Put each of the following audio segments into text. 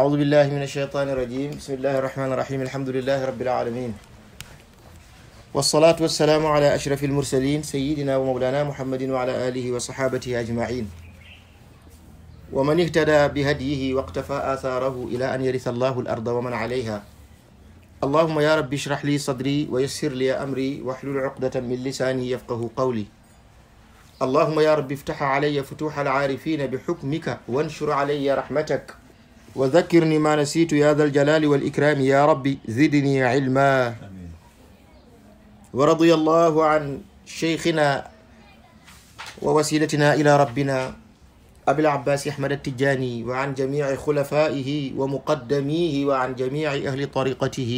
أعوذ بالله من الشيطان الرجيم بسم الله الرحمن الرحيم الحمد لله رب العالمين والصلاة والسلام على أشرف المرسلين سيدنا ومولانا محمد وعلى آله وصحابته أجمعين ومن اهتدى بهديه واقتفى آثاره إلى أن يرث الله الأرض ومن عليها اللهم يا رب اشرح لي صدري ويسر لي أمري واحلل عقدة من لساني يفقه قولي اللهم يا رب افتح علي فتوح العارفين بحكمك وانشر علي رحمتك وذكرني ما نسيت يا ذا الجلال والإكرام يا ربي زدني علما ورضي الله عن شيخنا ووسيلتنا إلى ربنا أبي العباس أحمد التجاني وعن جميع خلفائه ومقدميه وعن جميع أهل طريقته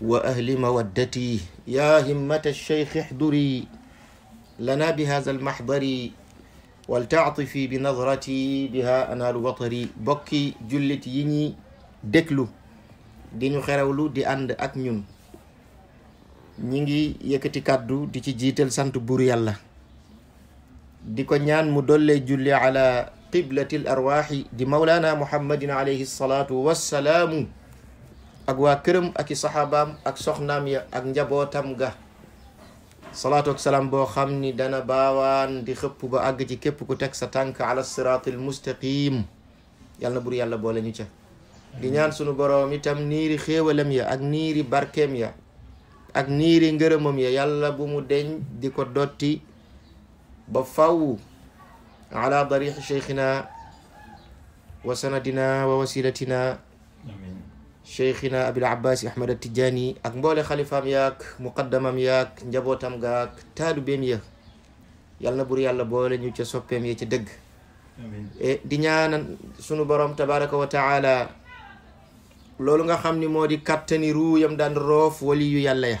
وأهل مودته يا همة الشيخ احضري لنا بهذا المحضر wal taatifi bi nadrati biha anaalu watari bokki jullit yi ñi déglu di ñu xerewlu di ànd ak ñun ñi ngi yëkkati kàddu di ci jiital sant buur yàlla di ko ñaan mu dollee julli ala qiblati l arwaaxi di mawlaana muhammadin ak waa këram ak i ak soxnaam ak njabootam ga salaatu ak salaam boo xam ni dana baawaan di xëpp ba àgg ci képp ku teg sa tànk ala siraatil mustaqim yàlla na bur yàlla boole ñu ca di ñaan sunu boroom itam niiri xéewalam ya ak niiri barkeem ya ak niiri ngërëmam ya yàlla bu mu deñ di ko dotti ba faw ala darixi cheikhina wa sanadina wa wasilatina Sheikhina Abil Abbas Ahmad Tijani ak mbolé khalifam yak muqaddamam njabotam njabootam gaag taalubeem ya yal bur yalla bolé ñu ca soppeem ya ca dëgg e di ñaanan sunu borom tabaraka wa taala lolu nga xamni modi katani ru, yam dan roof wali yu yalla ya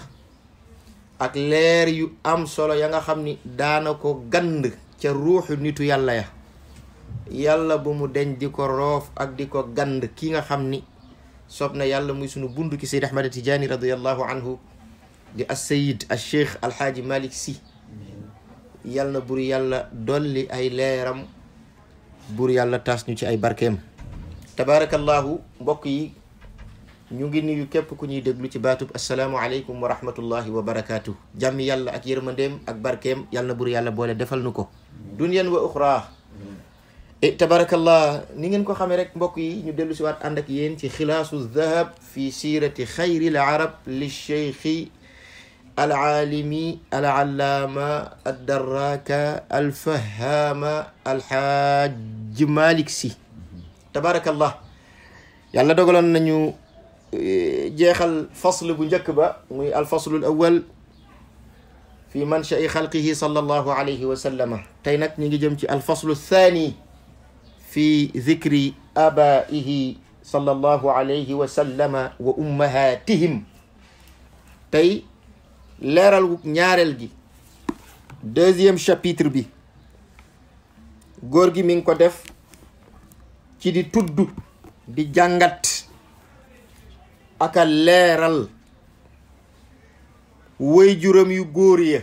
ak leer yu am solo ya nga xamni danako gand ci ruuxu nitu yalla ya yalla bu mu deñ diko ko roof ak di gand ki nga xamni soob na yàlla muy sunu bundu ki Seyd Ahmada Tijaani radiyallahu anhu di as sayid al cheikh alxaaji Malick Sy yal na bur yàlla dolli ay leeram bur yàlla taas ñu ci ay barkeem tabaarakallahu mbokk yi ñu ngi nuyu képp ku ñuy déglu ci baatub asalaamualeykum wa rahmatullahi wa barakaatu. jàmm yàlla ak yërmandeem ak barkeem yal na bur yàlla boole defal nu ko. dunyan wa uxraa tabarakallah ni ngeen ko xamee rek mbokk yi ñu dellu si waat ànd ak yéen ci xilaasu dahab fi siirati xayri l arab li cheikhi al aalimi al allaama ad darraka al fahaama al xaaj malik si tabarakallah yàlla dogaloon nañu jeexal fasl bu njëkk ba muy al faslu al awal fi manshai xalqihi sallallahu alayhi wa sallama tey nag ñu ngi jëm ci al faslu thani fi zikri abaihi sallallahu alayhi wa sallama wa ummahatihim tey leeral ñaareel gi deuxième chapitre bi góor gi mi ngi ko def ci di tudd di jàngat ak a leeral way juram yu góor ya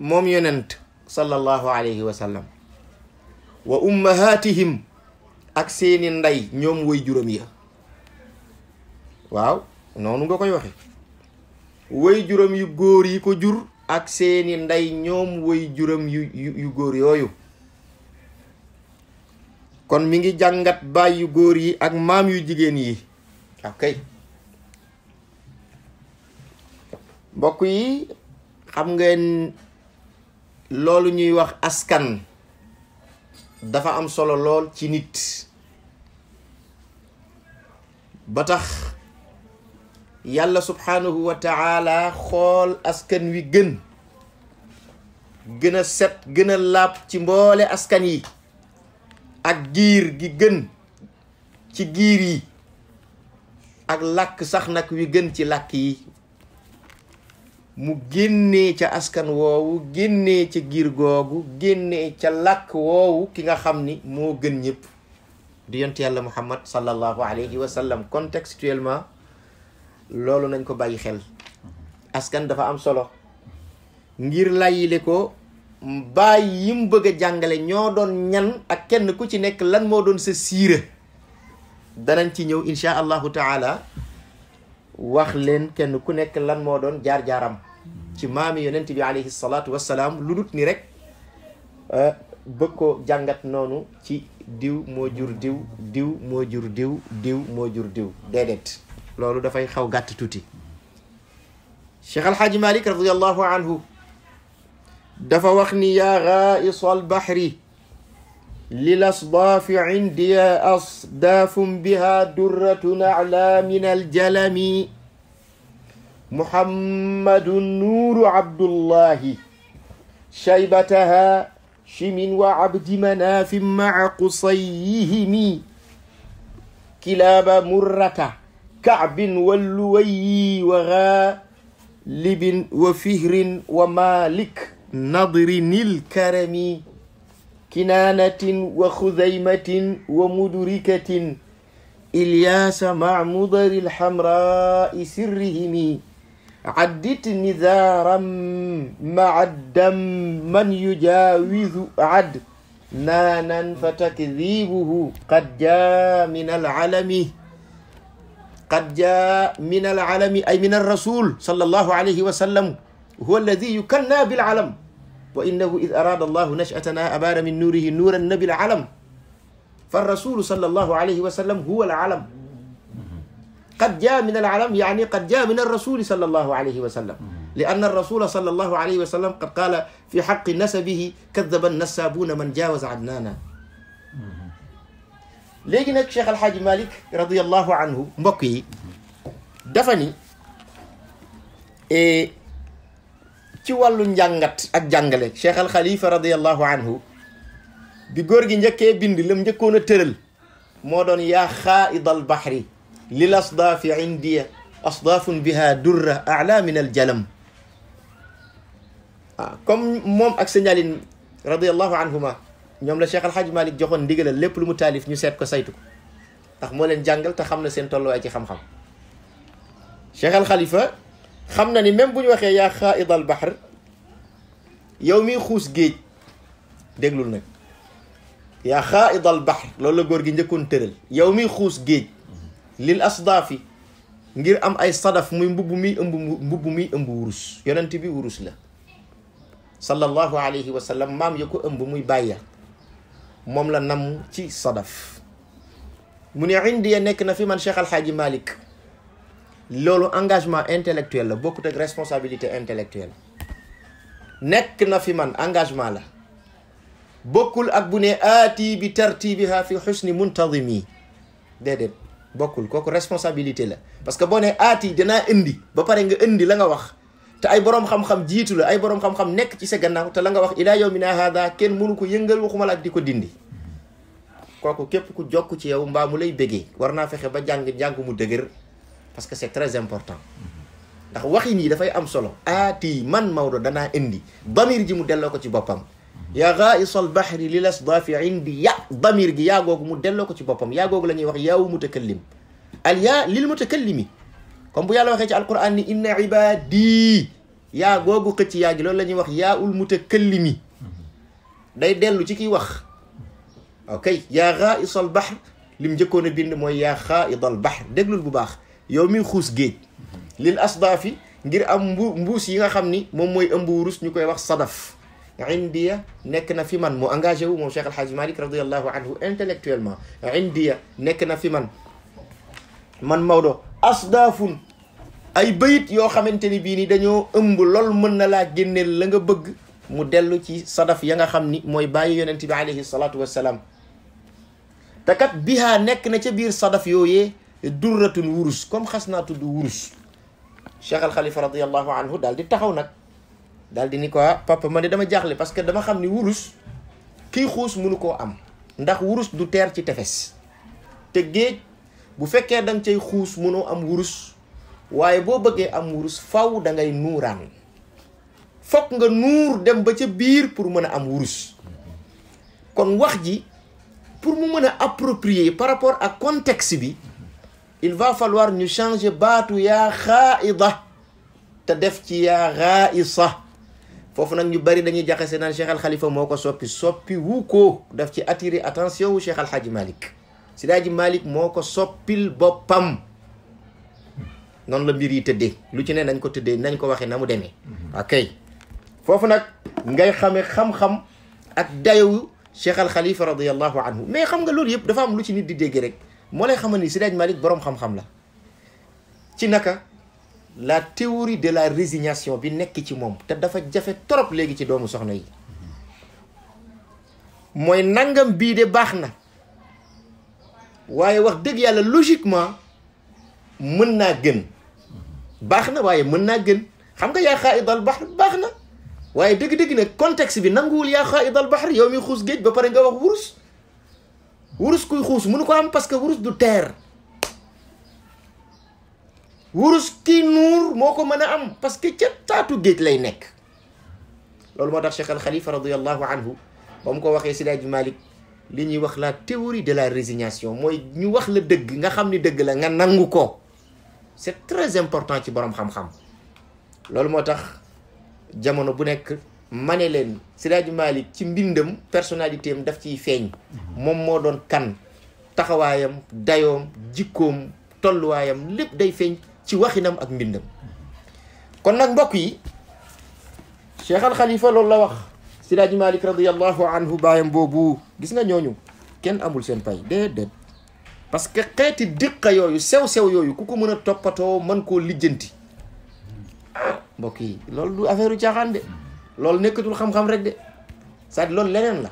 moom sallallahu alayhi wa sallam wa ummahatihim ak seeni nday ñoom woy juróom ya waaw noonu nga koy waxe woy juróom yu góor yi ko jur ak seeni nday ñoom woy juróom yu yu góor yooyu kon mi ngi jàngat baay yu góor yi ak maam yu jigéen yi ak kay mbokk xam ngeen loolu ñuy wax askan dafa am solo lool ci nit ba tax yàlla subhaanahu wa taala xool askan wi gën gën a set gën a laab ci mboole askan yi ak giir gi gën ci giir yi ak làkk sax nag wi gën ci làkk yi mu génnee ca askan woowu génnee ca giir googu génnee ca làkk woowu ki nga xam ni moo gën ñëpp di yont yàlla muhammad sallallahu alayhi wa sallam contextuellement loolu nañ ko bàyyi xel askan dafa am solo ngir layile ko bàyyi yim bëgg a jàngale ñoo doon ñan ak kenn ku ci nekk lan moo doon sa siira danañ ci ñëw insha allahu taala wax leen kenn ku nekk lan moo doon jaar-jaaram ci maami yonent bi alayhi salaatu wassalaam lu dut ni rek bëgg ko jàngat noonu ci diw moo jur diw diw moo jur diw diw moo jur diw déedéet loolu dafay xaw gàtt tuuti cheikh alxaaji malik radiallahu anhu dafa wax ni yaa xaaisa al bahri للأصداف عندي أصداف بها درة أعلى من الجلم محمد النور عبد الله شيبتها شم وعبد مناف مع قصيهم كلاب مرة كعب واللوي وغالب وفهر ومالك نضر الكرم كنانة وخزيمة ومدركة إلياس مع مضر الحمراء سرهم عدت نذارا مع الدم من يجاوز عد نانا فتكذيبه قد جاء من العلم قد جاء من العلم أي من الرسول صلى الله عليه وسلم هو الذي يكنى بالعلم وإنه إذ أراد الله نشأتنا أبان من نوره نور النبي العلم فالرسول صلى الله عليه وسلم هو العلم قد جاء من العلم يعني قد جاء من الرسول صلى الله عليه وسلم لأن الرسول صلى الله عليه وسلم قد قال في حق نسبه كذب النسابون من جاوز عدنانا لكن الشيخ الحاج مالك رضي الله عنه مبكي دفني إيه، ci walu njàngat ak jàngale cheikh al khalifa radiallahu anhu bi góor gi njëkkee bind lam njëkkoon a tëral moo doon yaa xaaid al bahri lil asdaafi indi asdafun biha durra ala min al jalam ah comme moom ak sëñalin radiallahu anhuma ñoom la cheikh alhaj malik joxoon ndigalal lépp lu mu taalif ñu seet ko saytu ko ndax moo leen jàngal te xam na seen tolluwaay ci xam-xam cheikh al khalifa xamna ni même buñ ñu waxee yaa al bahr yow mi xuus géej déglul nag yaa xaaidal baxar loolu la góor gi njëkkoon tëral yow mi xuus géej lil asdaafi ngir am ay sadaf muy mbubb mi ëmb mbubb mi ëmb wurus yonent bi wurus la sallallahu alayhi wa sallam maam ya ko ëmb muy bàyya moom la nam ci sadaf mu ne indiya nekk na fi man cheikh alxaaji malik lolu engagement intellectuel la bokut ak responsabilité intellectuelle nekk na fi man engagement la Bokul ak bune ati ah, bi tartibha fi xusni muntadimi dedet Bokul koku responsabilité la parce que bone ati ah, dina indi ba pare nga indi la nga wax te ay borom xam-xam jitu la ay borom xam-xam nekk ci sa gannaaw te la nga wax ila yawmina hadha ken munu ko yengal waxuma la diko dindi koku kep ku jokku ci yow mba mu lay bege warna fexé ba jang mu parce que c'est très important ndax waxin yi dafay am solo aati man Maodo danaa indi bamir ji mu delloo ko ci boppam yaa raisal bahri li lasdafi indi ya bamir gi yaa googu mu delloo ko ci boppam yaa la ñuy wax yaawu mutakallim al yaa lil mutakallimi comme bu yàlla waxee ci alquran ni inna ibadi yaa googu xëcc yaa gi loolu la ñuy wax yaa ul mutakallimi day dellu ci kiy wax ok yaa raisal bahr lim njëkkoon a bind mooy yaa xaaidal bahr déglul bu baax yow mi xuus géej lil asdaafi ngir am mbu mbuus yi nga xam ni moom mooy ëmb wurus ñu koy wax sadaf indiya nekk na fi man mu engagé wu moom Cheikh Alhaaj Malik radiallahu anhu intellectuellement indiya nekk na fi man man Maodo asdaafun ay bayit yoo xamante ni bii ni dañoo ëmb lool mën na laa génneel la nga bëgg mu dellu ci sadaf ya nga xam ni mooy bàyyi yonent bi alayhi salaatu wassalaam te kat bihaa nekk na ca biir sadaf yooyee durratun wurus comme xas naa tudd wurus Cheikh Al Khalifa radiyallahu anhu dal di taxaw nak dal di ni ko ah, papa man dama jaaxle parce que dama xam ni wurus ki munu ko am ndax wurus du ter ci tefes te geej bu fekke dang cey cay munu am wurus waye bo beugé am wurus faw da ngay nuuraan fokk nga nuur dem ba ca bir pour meuna am wurus kon wax ji pour mu meuna a approprier par rapport à contexte bi il va falloir ñu changer batu ya khaida te def ci ya ghaisa fofu nak ñu bari dañuy jaxé nan Cheikh Al Khalifa moko soppi soppi wuko daf ci attirer attention wu Cheikh Al hadji malik Seydi Hadji Malick moo soppil bopam non la mbir yi tëddee lu ci ne nañ ko teddé nañ ko waxé namu démé demee ok foofu nag ngay xamé xam-xam ak dayowu Cheikh Al Khalifa radiyallahu anhu mais xam nga lool yëpp dafa am lu ci nit di déggé rek moo lay xamal ni Seydi Hadji Malick boroom xam-xam la ci naka la théorie de la résignation bi nekk ci moom te dafa jafe trop léegi ci doomu soxna yi mooy nangam bii de baax na waaye wax dëgg yàlla logiquement mën naa gën baax na waaye mën naa gën xam nga yaa xaa idal bahr baax na waaye dëgg-dëgg nag contexte bi nanguwul yaa xaa idal bahr yow mi xuus géej ba pare nga wax wurus wurus kuy xuus mënu ko am parce que wurus du teer wurus ki nuur moo ko mën a am parce que ca taatu géej lay nekk loolu moo tax Cheikh Al Khalifa radiallahu anhu ba mu ko waxee si Daaj Malick li ñuy wax la théorie de la résignation mooy ñu wax la dëgg nga xam ni dëgg la nga nangu ko c'est très important ci borom xam-xam loolu moo tax jamono bu nekk mané len leen Malik ci mbindam personnalité am daf ci feeñ mom mo don kan taxawaayam dayom jikkoom tolluwaayam lepp day feng ci waxinam ak mbindam kon nak mbok yi Cheikh Al Khalifa lol la wax Malik radiyallahu anhu bayam bobu gis nga ñooñu kenn amul sen pay de parce que xéti dikka yoyu sew-sew yoyu kuku ko topato man ko lijeenti mbok yi lol du de loolu nekkatul xam-xam rek de cest à leneen la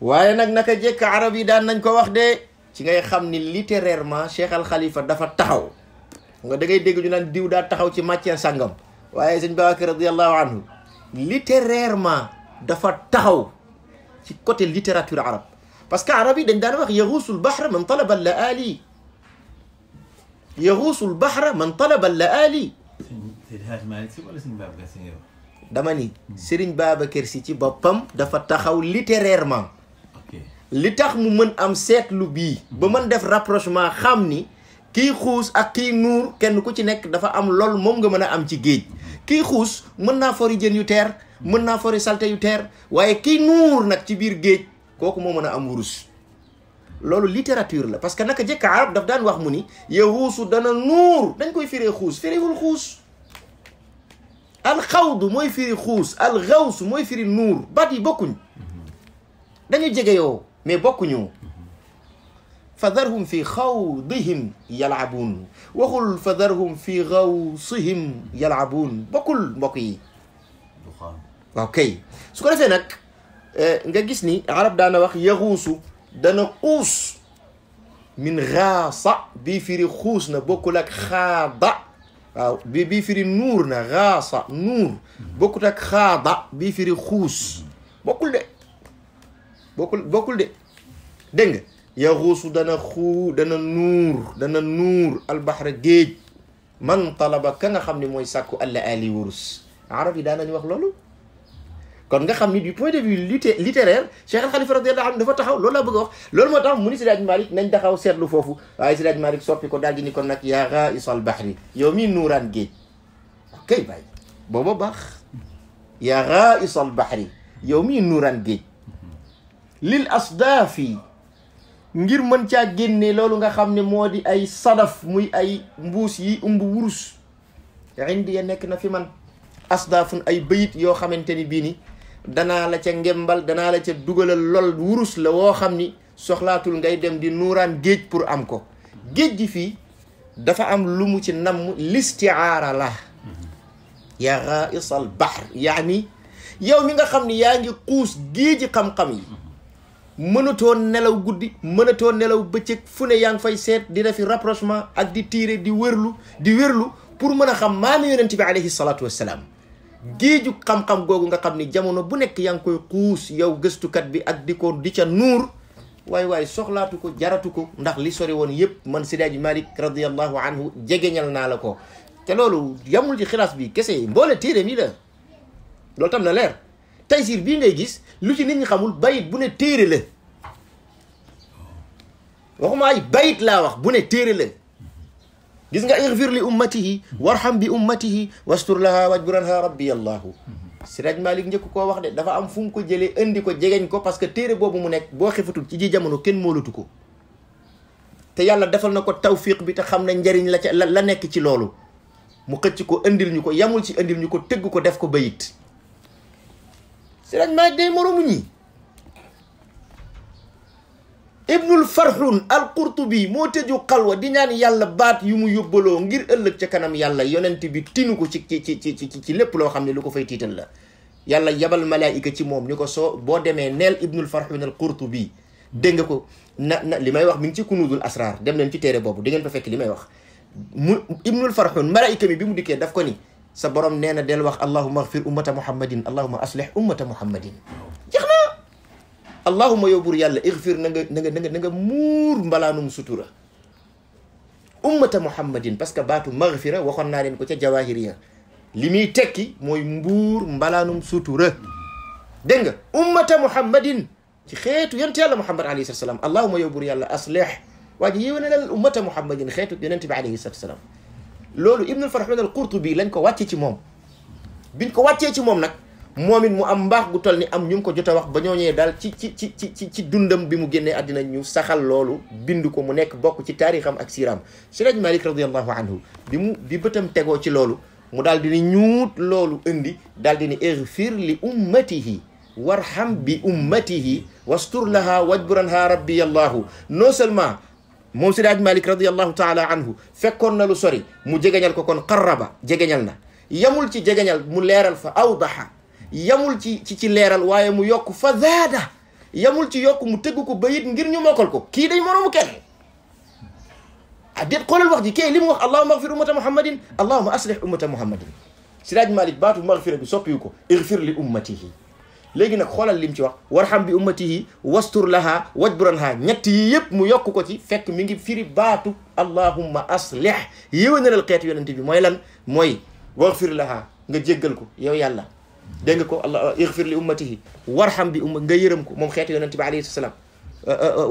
waaye nag naka jekk arab yi daan nañ ko wax de ci ngay xam ni littérairement Cheikh Al dafa taxaw nga dagay ngay dégg ñu diw daa taxaw ci matière sangam waaye sëñ Babacar radiallahu anhu littérairement dafa taxaw ci côté littérature arabe parce que arab yi dañ daan wax yaxuusul bahra man talaba la ali yaxuusul bahra man talaba la dama ni Serigne Babacar Sy ci bopam dafa taxaw littérairement li tax mu meun am setlu bi ba man def rapprochement xamni ki kii ak ki nour kenn ku ci nek dafa am lol mom nga meuna am ci geej ki xuus yuter, naa fori jeun yu ter mën fori salte yu ter waye ki nour nak ci bir geej koku mo meuna am wurus lolou littérature la parce que naka jëkk arab daf dan wax muni yahousu dana nour dañ koy firee firé wul الخوض موي في الخوص الغوص موي في النور بادي بوكوني دانيو جيغيو مي بوكونيو فذرهم في خوضهم يلعبون وقل فذرهم في غوصهم يلعبون بكل بقي اوكي سو كرافي نك آه، نغا غيسني عرب دانا واخ يغوص دانا اوس من غاصه بي في رخوصنا بوكلك خاضه waaw bi bii firi nuur na xaasa nuur bokkut ak xaada bii firi xuus bokkul de bokkul bokkul de dégg nga yaxuusu dana xuu dana nuur dana nuur albahra géej man talaba ka nga xam ne mooy sàkku alla ali wurus arab yi daanañ wax loolu kon nga xam ni du point de vue littéraire Cheikh Al Khalifa radiyallahu anhu dafa taxaw loolu la bëgg wax loolu moo tax mu ni Seydi Hadji nañ taxaw seetlu foofu waaye Seydi malik Malick soppi ko daal di ni kon nag yaa isal bahri yow mi nuuraan géej kay bàyyi booba baax yaa isal bahri yow mi nuuraan géej lil asdaafi ngir mën caa génne loolu nga xam ne moo di ay sadaf muy ay mbuus yi umb wurus indi ya nekk na fi man asdafun ay bayit yoo xamante ni bii ni danaa la ca ngembal danaa la ca dugalal lol wurus la woo xam ni soxlaatul ngay dem di nuuraan géej pour am ko géej gi fii dafa am lu mu ci namm listiaara la yaa raisal bahr yaani yow mi nga xam ni yaa ngi xuus géeji xam-xam yi mënatoo nelaw guddi mënatoo nelaw bëccëg fu ne yaa ngi fay seet di defi rapprochement ak di tiire di wërlu di wérlu pour mën a xam maami yonent bi alayhi salaatu wassalaam géeju xam-xam googu nga xam ni jamono bu nekk yaa ngi koy xuus yow gëstukat bi ak di ko di ca nuur waaye waaye soxlaatu ko jaratu ko ndax li sore woon yëpp man Seydi Hadji Malick radiyallahu anhu jegeñal naa la ko te loolu yamul ci xilaas bi kese mboole téeréem yi la loolu tam na leer Taysiir bii ngay gis lu ci nit ñi xamul bayit bu ne téere la waxuma ay bayit laa wax bu ne téere la gis nga igfir li ummatihi warham bi ummatihi wastur laha wajburanha rabbi allahu Siraj Malik njëkk ko wax de dafa am fu ko jëlee indi ko jegeñ ko parce que téere boobu mu nekk boo xifatul ci ji jamono kenn moolatu ko te yàlla defal na ko tawfiq bi te xam ne njariñ la ca la nekk ci loolu mu xëcc ko indil ñu ko yamul ci indil ñu ko teggu ko def ko bayit Siraj Malik day moromu ñi ibnul farxun alqurtubi moo tëju xalwa di ñaan yàlla baat yu mu yóbbaloo ngir ëllëg ca kanam yàlla yonent bi tinu ko ci ci ci ci ci lépp loo xam ne lu ko fay tiital la yàlla yabal malaayika ci moom ñu ko soo boo demee neel ibnul farxun alqurtubi dégg nga ko na na li may wax mi ngi ci kunuudul asrar dem leen ci téere boobu di ngeen fa fekk li may wax mu ibnul farxun malaayika mi bi mu dikkee daf ko ni sa borom nee na del wax allahuma agfir ummata muhammadin allahuma aslih ummata muhammadin jeex na allahuma yow buur yàlla igfir na nga na nga na nga na nga muur mbalaanum sutura ummata muhammadin parce que baatu magfira waxoon naa leen ko ca jawahiriya li muy tekki mooy mbuur mbalaanum sutura dégg nga ummata muhammadin ci xeetu yonent yàlla muhammad alayhi salatu salaam allahuma yow buur yàlla aslih waa ji yéwénalal ummata muhammadin xeetu yonent bi alayhi salatu salaam loolu ibnul farahman al qurtubi lañ ko wàcce ci moom biñ ko wàccee ci moom nag moom it mu am mbaax gu toll ni am ñu ko jot wax ba ñoo ñëwee daal ci ci ci ci ci dundam bi mu génnee àddina ñu saxal loolu bindu ko mu nekk bokk ci taarixam ak siiraam Siraj Malik radiallahu anhu bi mu bi bëtam tegoo ci loolu mu daal di ni ñuut loolu indi daal di ni igfir li ummatihi warham bi ummatihi wa laha wajburanha rabbi allahu non seulement moom Siraj Malik radiallahu taala anhu fekkoon na lu sori mu jegeñal ko kon qarraba jegeñal na yamul ci jegeñal mu leeral fa awdaha yamul ci ci ci leeral waaye mu yok fa zada yamul ci yok mu teggu ko bayit ngir ñu mokal ko ki day moroomu kenn ah déet wax ji kay limu wax allahumma ighfir ummat muhammadin allahumma aslih ummat muhammadin siraj malik batu maghfira bi soppiwu ko ighfir li ummatihi legi nak xolal lim ci wax warham bi ummatihi wastur laha wajburanha ñet yi yep mu yok ko ci fek mi ngi firi batu allahumma aslih yewenal xet yonent bi moy lan moy waghfir laha nga jéggal ko yow yàlla dégg nga ko allah igfir li ummatihi warham bi umma nga yërëm ko moom xeetu yonente bi alayhi salaam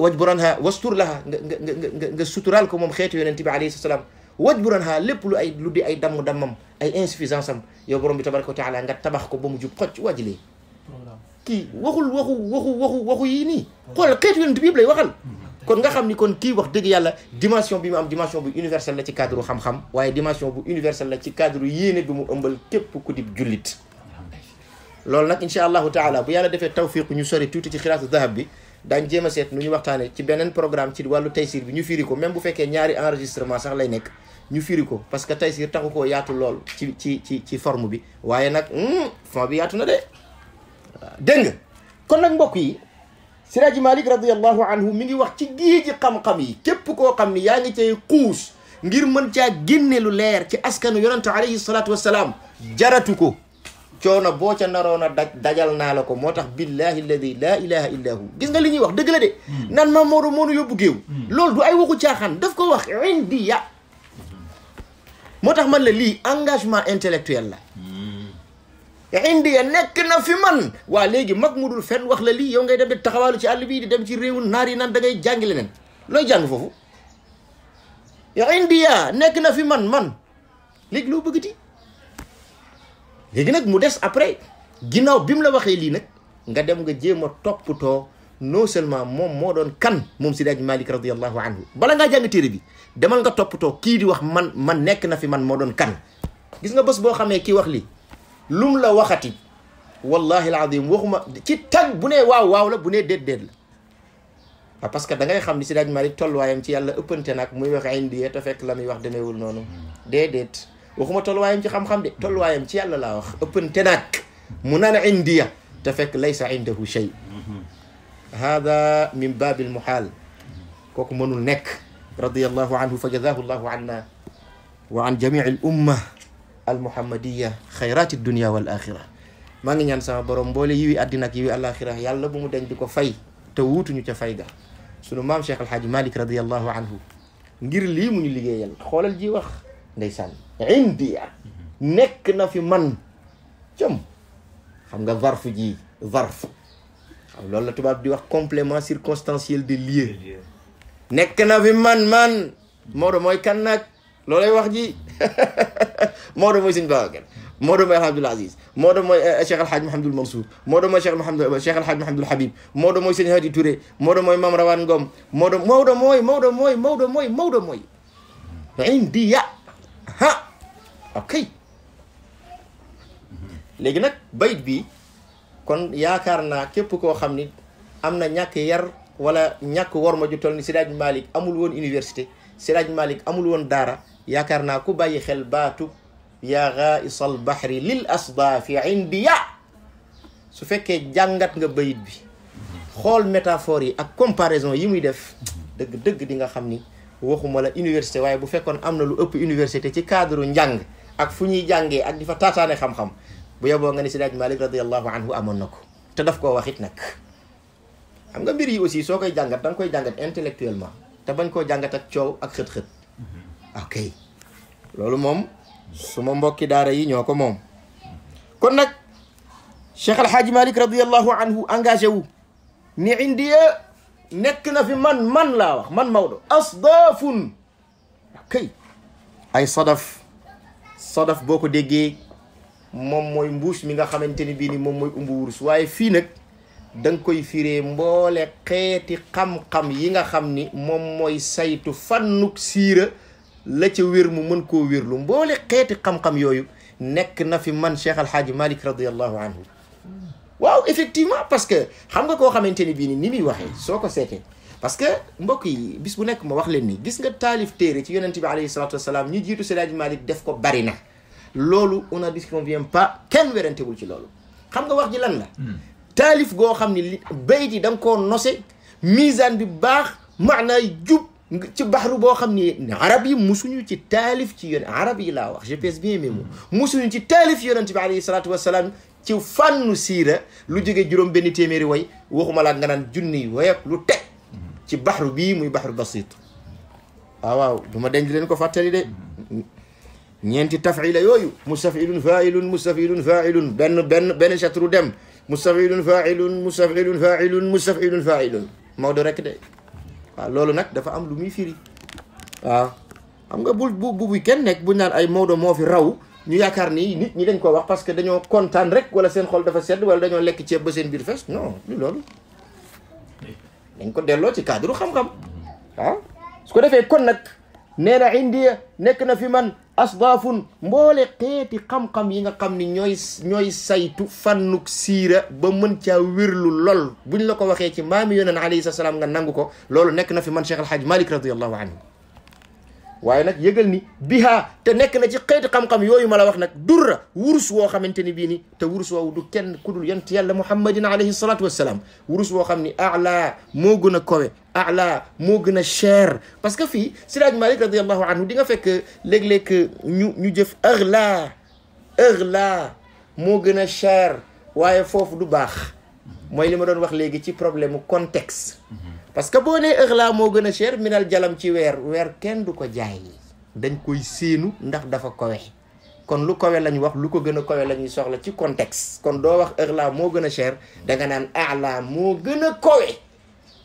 wajburanha wastur laha nga nga nga suturaal ko moom xeetu yonente bi alayhi salaam wajburanha lépp lu ay lu di ay damm dammam ay insuffisance am yow borom bi tabaraka wa taala nga tabax ko ba mu jub xocc wajli kii waxul waxu waxu waxu waxu yii nii xoolal xeetu yonente bi yëpp lay waxal kon nga xam ni kon kii wax dëgg yàlla dimension bi mu am dimension bu universelle la ci cadre xam-xam waaye dimension bu universelle la ci cadre yéene bi mu ëmbal képp ku dib jullit loolu nag incha allahu taala bu yàlla defee tawfiq ñu sori tuuti ci xiraatu dahab bi daañ jéem seet nu ñu waxtaane ci beneen programme ci wàllu taysir bi ñu firi ko même bu fekkee ñaari enregistrement sax lay nekk ñu fiiri ko parce que taysir taxu ko yaatu lool ci ci ci ci forme bi waaye nag hmm, foo bi yaatu na de dégg nga kon nag mbokk yi Siraaji Malik radiallahu anhu mi ngi wax ci géeji xam-xam yi képp koo xam ni yaa ngi cay xuus ngir mën caa génne lu leer ci askanu yonente alayhi salaatu wassalaam jaratu ko coono boo ca naroon a daj dajal naa la ko moo tax billahi alladi laa ilaha illa hu gis nga li ñuy wax dëgg la de nan maam Maodo moo yóbbu géew loolu du ay waxu caaxaan daf ko wax indiya moo tax man la lii engagement intellectuel la indiya nekk na fi man waa léegi mag mu dul fenn wax la lii yow ngay dem di taxawaalu ci àll bi di dem ci réewu naar yi nan da ngay jàng leneen looy jàng foofu indiya nekk na fi man man léegi loo bëggati léegi nag mu des après ginnaaw bi mu la waxee lii nag nga dem nga jéem a toppatoo non seulement moom moo doon kan moom si daaj malik radiallahu anhu bala ngaa jàng téere bi demal nga toppatoo kii di wax man man nekk na fi man moo doon kan gis nga bës boo xamee kii wax lii lum la waxati wallahi alazim waxuma ci tag bu nee waaw waaw la bu nee déet déet la parce que da ngay xam ni si daaj malik tolluwaayam ci yàlla ëppante nag muy wax indi te fekk la muy wax demeewul noonu hmm. waxuma tolluwaayam ci xam-xam de tolluwaayam ci yàlla laa wax ëppante nag mu nan indiya te fekk laysa indahu shay hada min baabil muhaal kooku mënul nekk radiallahu anhu fa jadahu llahu anna wa an jamii al umma al muhammadiya xayraati dunia wal axira maa ngi ñaan sama borom mboole yiwi àddina ak yiwi alaxira yàlla bu mu deñ di ko fay te wuutuñu ca fay ga sunu maam Cheikh Alhaaji Malik radiallahu anhu ngir lii mu ñu liggéeyal xoolal ji wax ndeysaan indi nekk na fi man jëm xam nga varf ji varf xam loolu la tubaab di wax complément circonstanciel de lieu nekk na fi man man Maodo mooy kan nag loolay wax ji Maodo mooy sëñ Babacar Maodo mooy Abdoul Aziz eh, eh, Maodo mooy Cheikh Alhaaj Mahamadul Mansour Maodo mooy Cheikh Mahamad Cheikh Alhaaj Mahamadul Habib Maodo mooy sëñ Hadi Touré Maodo mooy Mame Rawane Ngom Maodo Maodo mooy Maodo mooy Maodo mooy Maodo mooy hmm. indiya ha ok léegi nag bayit bi kon yaakaar naa képp koo xam ni am na ñàkk yar wala ñàkk worma ju toll ni Siraaj Malik amul woon université Siraaj Malik amul woon daara yaakaar naa ku bàyyi xel baatu yaa ghaisal bahri lil asdaafi indiya su fekkee jàngat nga bayit bi xool métaphore yi ak comparaison yi muy def dëgg-dëgg di nga xam ni waxuma la université waaye bu fekkoon am na lu ëpp université ci cadre njàng ak fu ñuy jàngee ak di fa taataane xam-xam bu yeboo nga ni si daaj Malik radiallahu anhu amoon na ko te daf koo wax it nag xam nga mbir yi aussi soo koy jàngat da koy jàngat intellectuellement te bañ koo jàngat ak coow ak moom suma mbokki daara yi ñoo ko moom kon nag Cheikh Alhaaji Malik radiallahu anhu wu ni indiya nekk na fi man man laa wax man Maodo asdafun kay ay sadaf boo ko déggee moom mooy mbuus mi nga xamante ni bii ni moom mooy umbu waaye fii nag da koy fiire mboole xeeti xam-xam yi nga xam ni moom mooy saytu fànnuk siira la ca wér mu mën koo wérlu mboole xeeti xam-xam yooyu nekk na fi man cheikh alhaaji malik radiallahu anhu waaw effectivement parce que xam nga koo xamante ni bii ni mi muy waxee soo ko seetee parce que mbokk yi bis bu nekk ma wax leen ni gis nga taalif téere ci yonent bi alayhi salatu wasalaam ñu jiitu Seydi Hadji def ko bari na loolu on a disconvient pas kenn werantewul ci loolu xam nga wax ji lan la hmm. taalif goo xam ne li bayt yi da nga koo nose misaan bi baax maanaay jub ci baxru boo xam ni arab yi musuñu ci taalif ci yon arab yi laa wax je bien mes mots hmm. musuñu ci taalif yonent bi alayhi salatu wasalaam ci fànnu siira lu jige juróom benn téeméeri way waxuma laat nga naan junniy way lu te ci baxru bii muy baxru basit waaw ah, waaw du ma denc leen ko fàttali de ñeenti tafila yooyu mustafilun failun mustafilun failun benn benn benn chatru dem mustafilun failun mustafilun failun mustafilun failun Maodo rek de waaw ah, loolu nag dafa am lu muy firi ah, xam nga bu bu kenn nekk bu naan ay Maodo moo fi raw ñu yaakaar ni nit ñi dañ ko wax parce que dañoo kontaan rek wala seen xol dafa sedd dañoo lekk ceeb ba seen biir fees non lu loolu delloo ci cadre xam-xam ah. su ko defee kon nag nee na indiya nekk na fi man asdaafun mboole xeeti xam-xam yi nga xam ni ñooy ñooy saytu fànnuk siira ba mën caa wérlu lool buñ la ko waxee ci maami yonent alayhi salaam nga nangu ko loolu nekk na fi man Cheikh Alhaaj Malik radiallahu anhu waye nak yeugal ni biha te nek na ci xeeti xam-xam yooyu ma la wax nak dur wurus wo xamanteni bi ni te wurus wo du kenn kudul yent yàlla muhammadin alayhi salatu wassalam wurus wo xamni ala mo gëna kowe ala mo gëna cher parce que fi siraj malik radiyallahu anhu di nga fekk leg leeg ñu ñu jëf axla axla mo gëna cher waye fofu du bax moy li ma doon wax legi ci problème contexte parce que boo nee ëxlaa moo gën a cher minal jalam ci weer weer kenn du ko jaay dañ koy séenu ndax dafa kowe kon lu kowe lañ wax lu ko gën a kowe lañuy soxla ci contexte kon doo wax ëxlaa moo gën a cher danga naan ala ah moo gën a kowe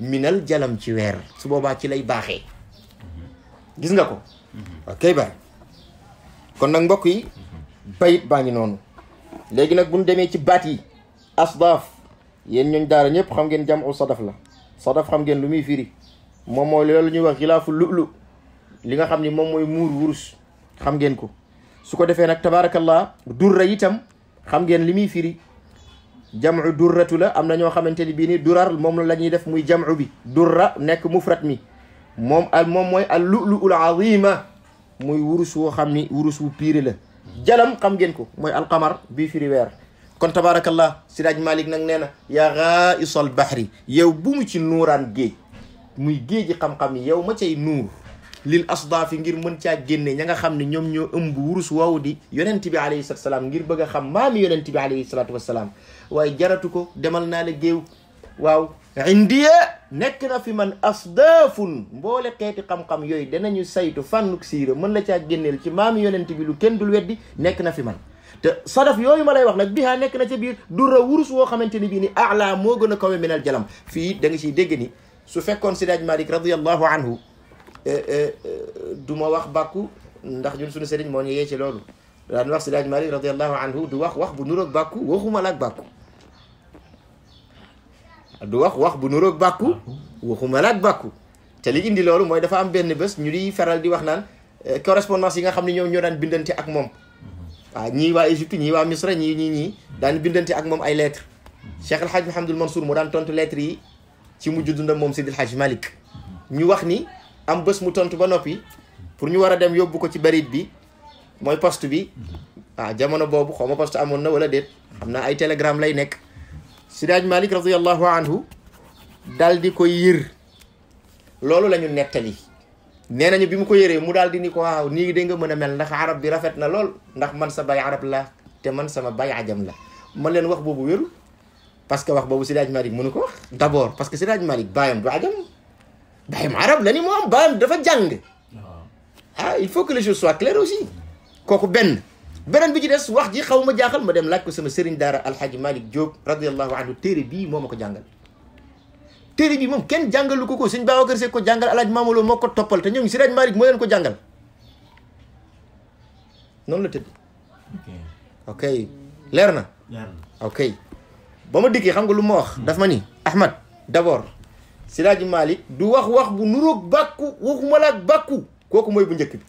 minal jalam ci weer su boobaa ci lay baaxee gis nga ko ok ba kon nag mbokk yi bayit baa ngi noonu léegi nag bu ñu demee ci baat yi asdaaf yéen ñooñ daara ñëpp xam ngeen jam u sadaf la sadaf xam ngeen lu muy firi moom mooy loolu ñuy wax xilaafu lu'lu li nga xam ni moom mooy muur wurus xam ngeen ko su ko defee nag tabaarakallah durra itam xam ngeen li muy firi jamcu durratu la am na ñoo xamante ni bii ni durar moom la def muy jamcu bi durra nekk mufrat mi moom al moom mooy al lu'lu'ul azima mooy wurus woo xam ni wurus wu piiri la jalam xam ngeen ko mooy alqamar bii firi weer kon tabaarakallah Sidaaj Malik nag nee na yaa ghaisal bahri yow bu mu ci nuuraan géej muy géeji xam-xam yow ma cay nuur lil asdaafi ngir mën caa génne ña nga xam ne ñoom ñoo ëmb wurus waaw di yonent bi alayhi salatu salaam ngir bëgg a xam maami yonent bi alayhi salatu wasalaam waaye jaratu ko demal naa la géew waaw indiya nekk na fi man asdaafun mboole xeeti xam-xam yooyu danañu saytu fànnuk siira mën la caa génneel ci maami yonent bi lu kenn dul weddi nekk na fi man te sadaf yooyu ma lay wax nag bihaa nekk na ca biir durra wurus woo xamante ni bii ni ala moo gën a kawe minal jalam fii da nga siy dégg ni su fekkoon sidaaj malik radiallahu anhu eh, eh, eh, du ma wax bàkku ndax ñun suñu sëriñ moo ñu yee ci loolu daan wax sidaaj malik radiallahu anhu du wax wax bu nuroog bàkku waxuma laak bàkku du wax wax bu nuroog bàkku waxuma laak bàkku te li indi loolu mooy dafa am benn bés ñu di faral di wax naan correspondance yi nga xam ne ñoom ñoo bindante ak moom waaw ah, ñii waa Égypte ñii waa Misra ñii ñii ñii daan bindante ak moom ay lettres Cheikh El Hadj Mouhamadul Mansour mu daan tontu lettres yi ci mujj dundam moom Sidil Hadj malik ñu wax ni am bés mu tontu ba noppi pour ñu war a dem yóbbu ko ci barit bi mooy poste bi waaw ah, jamono boobu xaw ma poste amoon na wala déet xam na ay télégramme lay nekk Sidil Hadj Malick radiyallahu anhu dal di koy yiir loolu lañu ñu nettali nee nañu bi mu ko yëree mu daal di ni ko waaw nii de nga mën a mel ndax arab bi rafet na lool ndax man sa bay arab la te man sama bay ajam la man leen wax boobu wéru parce que wax boobu Seydi malik Malick mënu ko wax d' abord parce que malik du ajam arab la ni am baayam dafa jàng ah il faut que les choses soient claires aussi kooku benn beneen bi ci des wax ji xaw ma jaaxal ma dem laaj ko sama sëriñ daara alhaji malik Diop radiallahu anhu téere bii moo ma téere bi moom kenn jàngalu ko ko sëñ Babacar Seck ko jàngal alaaj Maamalo moo ko toppal te ñoom si rajo Malick moo ko jàngal noonu la leer na. ok ba ma dikkee xam nga lu ma wax. daf ma ni Ahmad d'abord si rajo Malick du wax wax bu nuroog bàkku waxuma la ak bàkku kooku mooy bu njëkk bi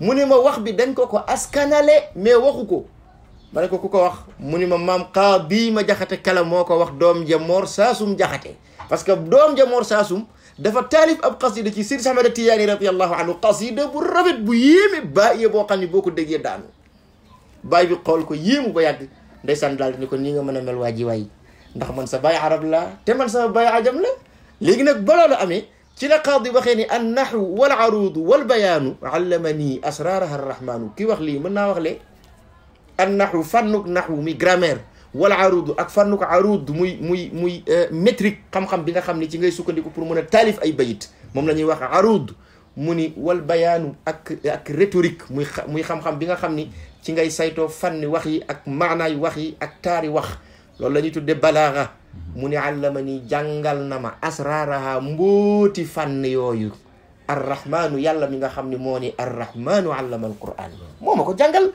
mu ne ma wax bi dañ ko ko askanale mais waxu ko. mané ko kuko wax muni ma mam qadi ma jaxate kala moko wax dom je mor sasum jaxate parce que dom je mor sasum dafa talif ab qasida ci sir Sidi tiyani rabbi allah anhu qasida bu rabit bu yeme bàyyi boo xam ne boo ko déggee daanu bàyyi bi xol ko yemu ba yag ndaysan dal ni ko ni nga meuna mel waji way ndax man sa baay arab la te man sa baay ajam la legi nak ba loolu amé ci la qadi waxé ni an nahwu wal arud wal bayan allamani asrarha ar rahman ki wax li meuna wax le an naxu fànnuk naxu muy grammaire wala arudu ak fànnuk arud muy muy muy euh, métrique xam-xam bi nga xam ni ci ngay sukkandiku pour mën a taalif ay bayit moom la ñuy wax arud mu ni wal bayaanu ak ak rhétorique muy muy xam-xam bi nga xam ni ci ngay saytoo fànni wax yi ak maanaay wax yi ak taari wax loolu la ñuy tudde balaaga mu ni àllama ni jàngal na ma asraaraha mbóoti fànn yooyu arrahmaanu yàlla mi nga xam ni moo ni arrahmaanu allama alquran moo ma ko jàngal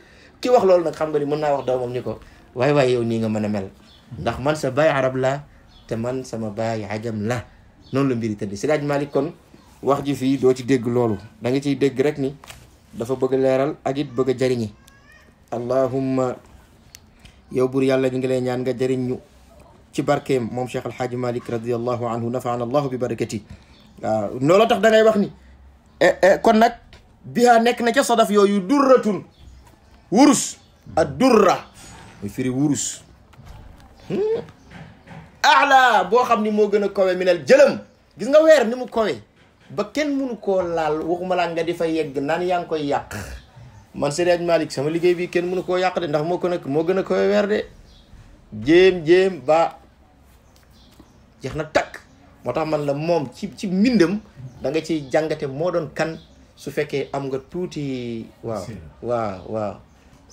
ki wax lol nak xam nga ni mën na wax doomam ni ko way way yow ni nga mëna mel ndax man sa bay arab la te man sama bay ajam la non la mbiri tëdd si malik kon wax ji fi do ci deg loolu da nga ci deg rek ni dafa bëgg leral ak it bëgg jariñi allahumma yow bur yalla ñu ngi lay ñaan nga jëriñ ñu ci barkem mom cheikh alhaaji malik radiyallahu anhu nafaana allahu bi barakati waaw la tax da ngay wax ni eh, eh, kon nak biha nek na ci sadaf yoyu durratun wurus ak durra muy firi wurus hmm? ala boo xam ni moo gën a kawe minel jëlam gis nga weer ni mu kawe ba kenn mënu koo laal waxuma laa nga di fa yegg naan yaa ngi koy yàq man Serigne Malick sama liggéey bi kenn mënu koo yàq de ndax moo ko nag moo gën a kawe weer de jéem jéem ba jeex na takk moo tax man la moom ci ci mbindam danga ci ciy jàngate moo doon kan su fekkee am nga tuuti waaw waaw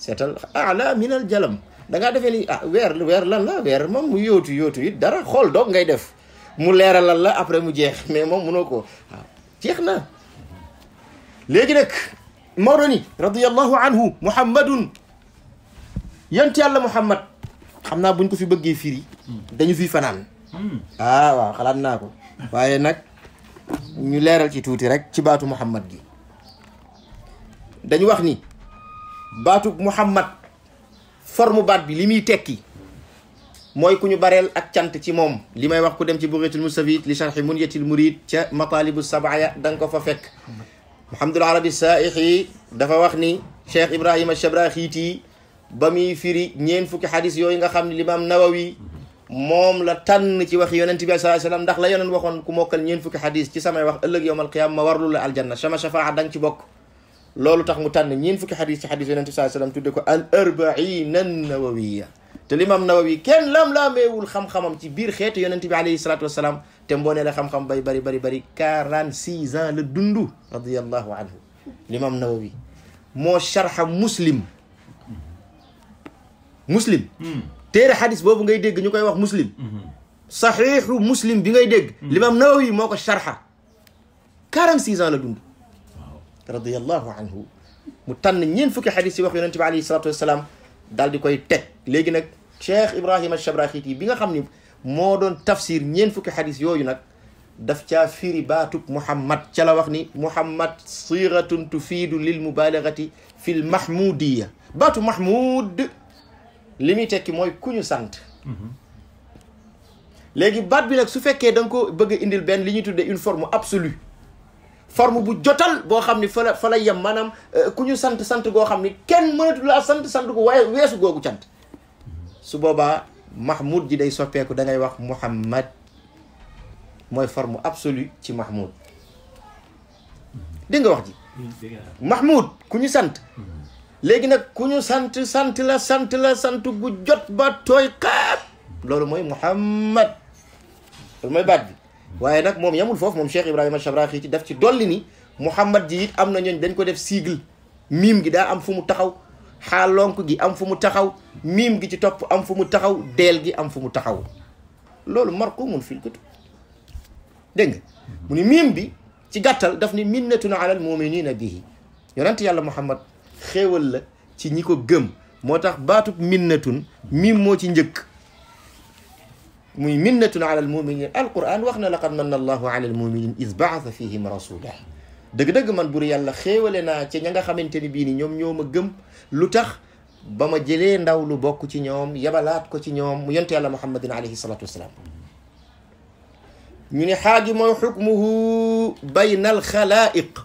setal ala minal jalam da nga defee ni ah wer weer lan la wer mom mu yotu yotu it dara xol doog ngay def mu leeralal la après mu jeex mais mom munoko ah, jeex na legi nak radiyallahu anhu muhammadun yanti Allah muhammad xamna buñ ko fi firi dañu fi fanan hmm. ah wa xalat na ko waye nak ñu leral ci tuuti rek ci batu muhammad gi dañu wax ni baatub muhammad forme baat bi li muy tekki mooy ku ñu bareel ak cant ci moom li may wax ku dem ci bugeetul mustafid li sharxi munyatil murid ca matalibu sabaya da nga ko fa fekk muhammadul arabi saixi dafa wax ni cheikh ibrahima shabraxiiti ba muy firi ñeen fukki xadis yooyu nga xam ne limaam nawawi moom la tànn ci wax yonent bi saa sallam ndax la yonent waxoon ku mokkal ñeen fukki xadis ci samay wax ëllëg yowmal qiyaama ma warlu la aljanna sama shafaa da nga ci bokk loolu tax mu tànn ñeen fukki xadis ci xadis yonente bi sallallahu alayhi wasallam tudde ko al arbaina nawawiya te limam nawawi kenn lam laameewul xam-xamam ci biir xeetu yonente bi alayhi salatu wassalam te mboonee la xam-xam bay bari bari bari quarante six ans la dund radiallahu anhu limam nawawi moo sharxa muslim muslim téere xadis boobu ngay dégg ñu koy wax muslim saxiixu muslim bi ngay dégg limam nawawi moo ko sharxa quarante six ans la dund radiallahu anhu mu tànn ñeen fukki xadis yi wax yonente bi alayhi salatu wasalaam daal di koy teg léegi nag cheikh ibrahima shabraxiti bi nga xam ni moo doon tafsir ñeen fukki xadis yooyu nag daf caa firi baatub muhammad ca la wax ni muhammad siratun tufiidu lil mubalagati fi l mahmudiya baatu mahmud li muy tekki mooy ku ñu sant léegi baat bi nag su fekkee da nga ko bëgg a indil benn li ñuy tuddee une forme absolue forme bu jotal bo xamni ni fa fa la yam manam euh, kuñu ñu sant sant goo xam kenn meunatu la sant sant gu way wessu gogu cant su boba mahmoud ji day soppeku da ngay wax muhammad moy forme absolue ci mahmoud di nga wax ji mm, mahmoud kuñu sant mm. léegi nak ku ñu sant sant la sant la sant gu jot ba toy xaat lolu moy muhammad loolu moy waaye nag moom yamul foofu moom Cheikh Ibrahima Chabraxi ci daf ci dolli ni Mouhamad ji it am na ñooñ dañ ko def sigle miim gi daa am fu mu taxaw xaalonk gi am fu mu taxaw miim gi ci topp am fu mu taxaw deel gi am fu mu taxaw loolu marqumun fil kutub dégg nga mu ni miim bi ci gàttal daf ni minnatuna ala al muminina bihi yonent yàlla Mouhamad xéewal la ci ñi ko gëm moo tax baatub minnatun miim moo ci njëkk muy minnatun ala almuminin alquran wax na laqad manna allahu ala almuminin is baasa fihim rasulah dëgg-dëgg man bur yàlla xéewale naa ci ña nga xamante ni bii ni ñoom ñoo ma gëm lu tax ba ma jëlee ndaw lu bokk ci ñoom yabalaat ko ci ñoom mu yonte yàlla muhammadin alayhi salatu wasalaam ñu ne xaaji mooy xukmuhu bayna alxalaiq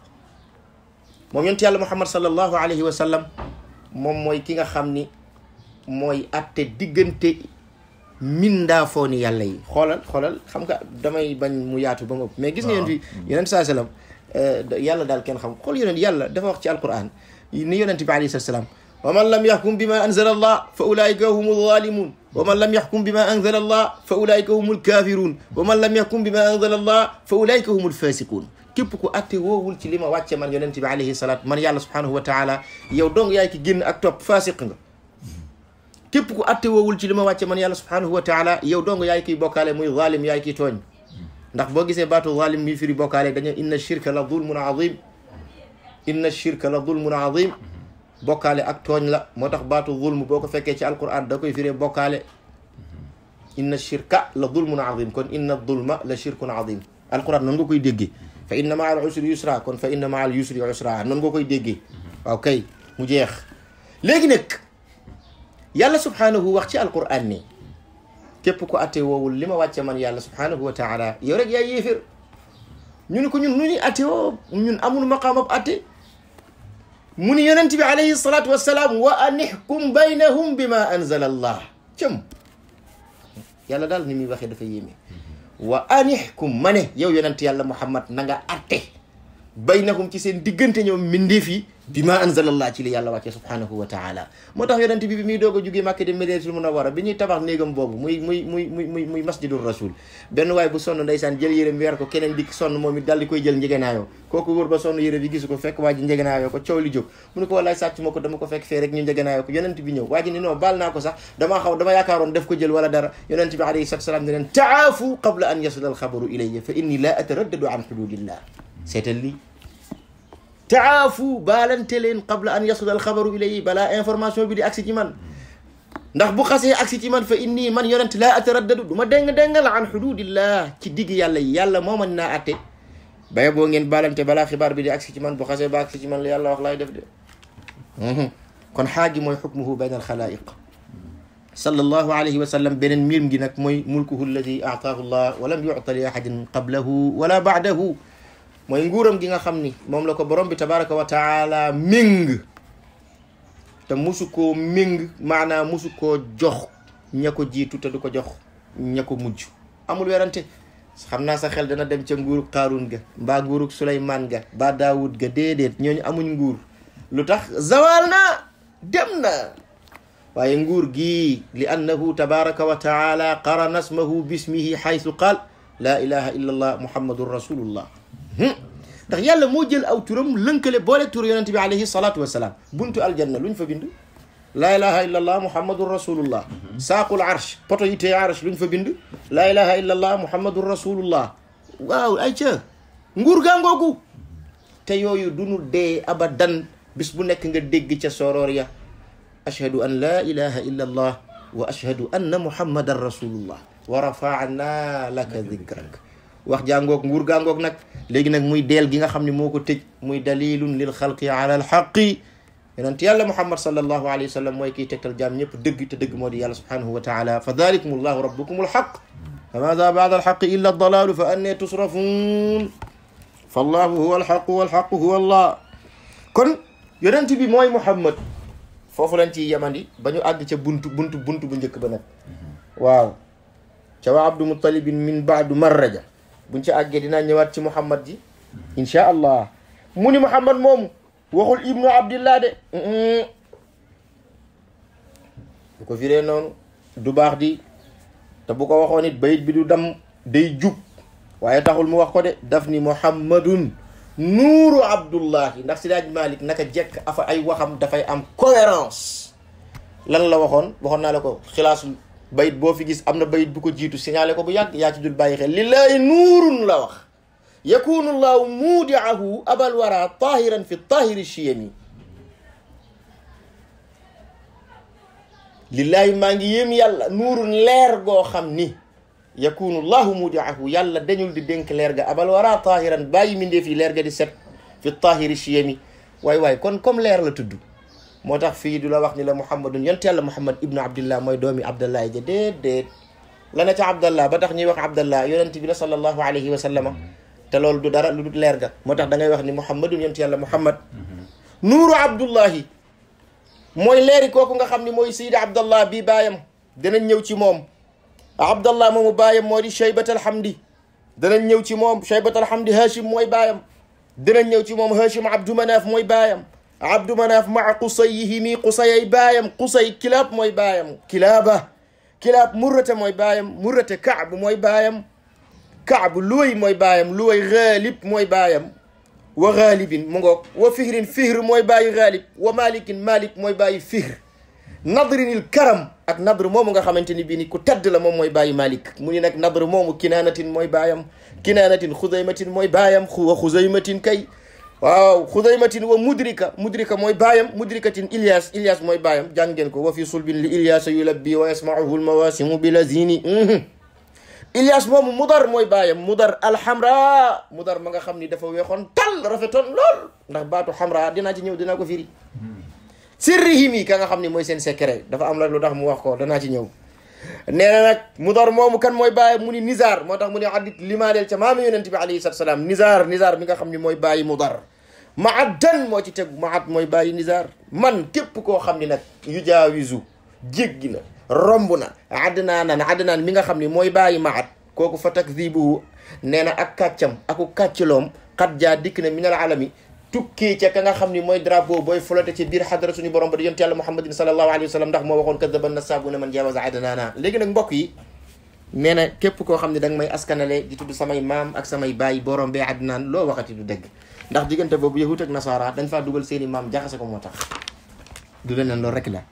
moom yonte yàlla muhammad sallallahu alayhi wa sallam moom mooy ki nga xam ni mooy atte diggante minda fooni yàlla yi xoolal xoolal xam nga damay bañ mu yaatu ba mu ëpp mais gis nga yonent yonent saa salaam yàlla daal kenn xam xool yonent yàlla dafa wax ci alquran ni yonent bi alayhi salaam wa man lam yahkum bima anzala allah fa ulaika humu zalimun wa man lam yahkum bima anzala allah fa ulaika humu alkafirun wa man lam yahkum bima anzala allah fa ulaika humu alfasiqun képp ku atte woowul ci li ma wàcce man yonent bi alayhi salaat man yàlla subhanahu wa taala yow dong yaay ki génn ak topp fasiq nga képp ku atte woowul ci li ma wàcce man yàlla subhanahu wa taala yow dong yaay kiy bokkaale muy zalim yaay kiy tooñ ndax boo gisee baatu zalim mi firi bokkaale dañu inna shirka la zulmun azim inna shirka la zulmun azim bokkaale ak tooñ la moo tax baatu zulm boo ko fekkee ci alquran da koy firee bokkaale inna shirka la zulmun azim kon inna zulma la shirkun azim alquran noonu nga koy déggee fa inna maa al usri yusra kon fa inna maa al usri yusra noonu nga koy déggee waaw kay mu jeex léegi nag yàlla subhaanahu wax ci alqur'an nii képp ku atte woowul li ma wàcce man yàlla subhaanahu wa taala yow rek yaay yéefér ñu ni ko ñun nu ni atte woo ñun amul maqaam ab atte mu ni yonent bi alayhi salaatu wassalaam wa an ixkum baynahum bima anzala allah cëm yàlla daal ni muy waxee dafa yéeme wa an ixkum ma ne yow yonent yàlla muhammad na nga atte baynakum ci seen diggante ñoom mindeef yi bi ma anzalallah ci li yàlla wàcce subhanahu wa taala moo tax yonent bi bi muy doog a jugee Màkka dem Madiinatul Munawwara bi ñuy tabax néegam boobu muy muy muy muy muy muy masjidul rasul benn waay bu sonn ndeysaan jël yére weer ko keneen di sonn moom it daal koy jël njëgënaayoo kooku wóor ba sonn yére bi gisu ko fekk waa ji njëgënaayoo ko coow li jóg ko wallaay sàcc ma dama ko fekk fee rek ñu ko yonent bi ñëw waa ni non baal naa ko sax damaa xaw dama yaakaaroon def ko jël wala dara yonent bi alayhi salaatu salaam ne leen taafu qabla an yasula تعافوا baalanteleen qabla an yasula alxabaru ilayhi balaa information bi di agsi ci man ndax bu xasee agsi ci man fa innii man yonent laa ataraddadu du ma déng-déngal an xududillah ci digg yàlla yi yàlla moo mën naa atte baye boo ngeen baalante balaa xibaar bi di agsi ci man bu xasee ba agsi ci man la yàlla wax laay def de kon xaagi mooy xukmuhu bayn alxalaayiq sallallahu alayhi wa sallam beneen miim gi nag mooy mulkuhu alladi aataahu llah walam yucta li ahadin qablahu wala baadahu mooy nguuram gi nga xam ni moom la ko borom bi tabaraka wa taala méng te musu koo méng maanaam musu koo jox ña ko jiitu te du ko jox ña ko mujj amul weerante xam naa sa xel dana dem ca nguurug Qaaruun ga ba nguurug Suleymaan ga mbaa Daawud ga déedéet ñooñu amuñ nguur lu tax zawal na dem na waaye nguur gi li annahu tabaraka wa taala qarana smahu bismihi haythu qaal la ilaha illa allah muhammadun ndax yàlla moo jël aw turam lënkale boole tur yonent bi alayhi salatu wasalaam buntu aljanna luñ fa bind la ilaha illa allah muhammadun rasulullah saqul arsh poto yi tee arsh luñ fa bind la ilaha illa allah muhammadun rasulullah waaw ay ca nguur gaangoogu te yooyu duñu dee abadan bis bu nekk nga dégg ca soroor ya ashhadu an la ilaha illa allah wa ashhadu anna muhammadan rasulullah wa rafa'na laka dikrak wax jangok ngur gangok nak legi nak muy del gi nga xamni moko tëj muy dalilun lil khalqi ala al xaqi yonent yàlla muhammad sallallahu alayhi wasallam moy ki tektal jam ñep deug te deug modi yàlla subhanahu wa taala fa dhalikum allah rabbukum alxaq fa maada baada alxaqi illa dalaalu fa annee tusrafun fa allahu huwa alxaqu walxaqu huwa allah kon yonent bi mooy muhammad foofu lañ ciy yemandi ba ñu àgg ca buntu buntu buntu bu njëkk ba nag waaw ca wa abdu muttalibin min baadu marraja buñ ci àggee dinaa ñëwaat ci Muhammad ji incha allah mu ni Muhammad moomu waxul ibnu abdillah de bu ko firee noonu du baax di te bu ko waxoon it bayit bi du dam day jub waaye taxul mu wax ko de daf ni muhammadun nuuru abdullahi ndax sidaaj malik naka jekk afa ay waxam dafay am cohérence lan la waxoon waxoon naa la ko xilaasul bayit boo fi gis am na bayit bu ko jiitu signalé ko bu yàgg yaa ci dul bàyyi xel lillahi nuurun la wax yakunu llahu mudiahu abal wara tahiran fi tahiri shiyami lillahi maa ngi yéem yàlla nuurun leer goo xam ni yakunu llahu mudiahu yàlla dañul di dénk leer ga abal wara tahiran bàyyi mi fi leer ga di set fi tahiri shiyami waay waay kon comme leer la tudd moo tax fii du la wax ni la muhammadun yonent yàlla muhammad ibnu abdillah mooy doomi abdallah yi ja déedéet la na ca abdallah ba tax ñuy wax abdallah yonent bi la sallallahu alayhi wa sallama te loolu du dara lu dul leer ga moo tax da ngay wax ni muhammadun yonent yàlla muhammad nuuru abdullahi mooy leeri kooku nga xam ni mooy sayida abdallah bi baayam danañ ñëw ci moom abdallah moomu baayam moo di cheybat alhamdi danañ ñëw ci moom cheybat alhamdi hachim mooy baayam danañ ñëw ci moom hachim abdou manaaf mooy baayam abdu manaaf maa qusayhimi qusay ay baayam qusay kilaab mooy baayam kilaaba kilaab murrata mooy baayam murrata kaabu mooy baayam kaabu luway mooy baayam luway gaalib mooy baayam wa gaalibin mu ngoog wa fihrin fihr mooy baayi gaalib wa malikin malik mooy baayi fihr nadrinil karam ak nadr moomu nga xamante ni bii ni ku tedd la moom mooy baayi malik mu ni nag nadr moomu kinaanatin mooy baayam kinaanatin xuzaymatin mooy baayam wa xuzaymatin kay واو خذيمة هو مدركة مدركة موي بايم مدركة إلياس إلياس موي بايم جانجن كو وفي صلب إلياس يلبي ويسمعه المواسم بلزيني إلياس مو مدر موي بايم مدر الحمراء مدر مغا خمني دفا ويخون تل رفتون لول نخ باتو حمراء دينا جي نيو دينا كو فيري سرهيمي كان خمني موي سين سكري دفا أملا لو دخ موخو دينا جي نيو nee na nag mudar moomu kan mooy bàyyi mu ni nizar moo tax mu ne addit limaadeel ca maama yonent bi alayhi salatu salaam nizar nizar mi nga xam ne mooy bàyyi mudar maadan moo ci tegu maat mooy bàyyi nizar man képp koo xam ni nag yu jaawizu jéggi na romb na na adnaan mi nga xam ne mooy bàyyi maat kooku fa takdibuhu nee na ak kàccam aku kàcciloom xat jaa dikk na minal alami tukkee ca ka nga xam ni mooy drapeau booy flotte ci biir xadara suñu borom ba di yonte yàlla muhammadin sallallahu alayhi wa sallam ndax moo waxoon kadaban nasaabuna man jaawaza adanaana léegi nag mbokk yi nee na képp koo xam ne da nga may askanale di tudd samay maam ak samay baay borom bee adnaan loo waxati du dëgg ndax diggante boobu yahut ak nasara dañ faa dugal seeni maam jaxase ko moo tax du leneen loolu rek la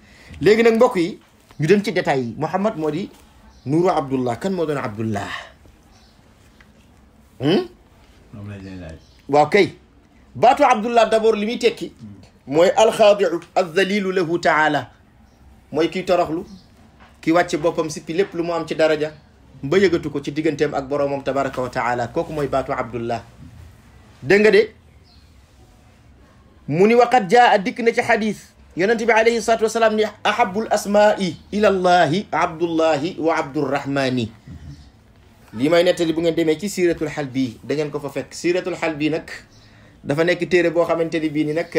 léegi nag mbokk yi ñu dem ci détails yi Muhammad moo di Nuuru Abdullah kan moo doon Abdullah hmm? waaw kay baatu abdullah d'abord li muy tekki mooy alxaadiu azzalilu lahu taala mooy kiy toroxlu ki wàcce boppam sippi lépp lu mu am ci daraja mba yëgatu ko ci digganteem ak boroomam tabaraka wa taala kooku mooy baatu abdullah dégg nga de mu ni waqat jaa a dikk na ci xadis yonent bi alayhi salatu wasalaam ni ahabul asmaai ila llahi abdullahi wa abdurrahmani lii may nettali bu ngeen demee ci siratul xal bii da ngeen ko fa fekk siratul xal bii nag dafa nekk téere boo xamante ni bii ni nag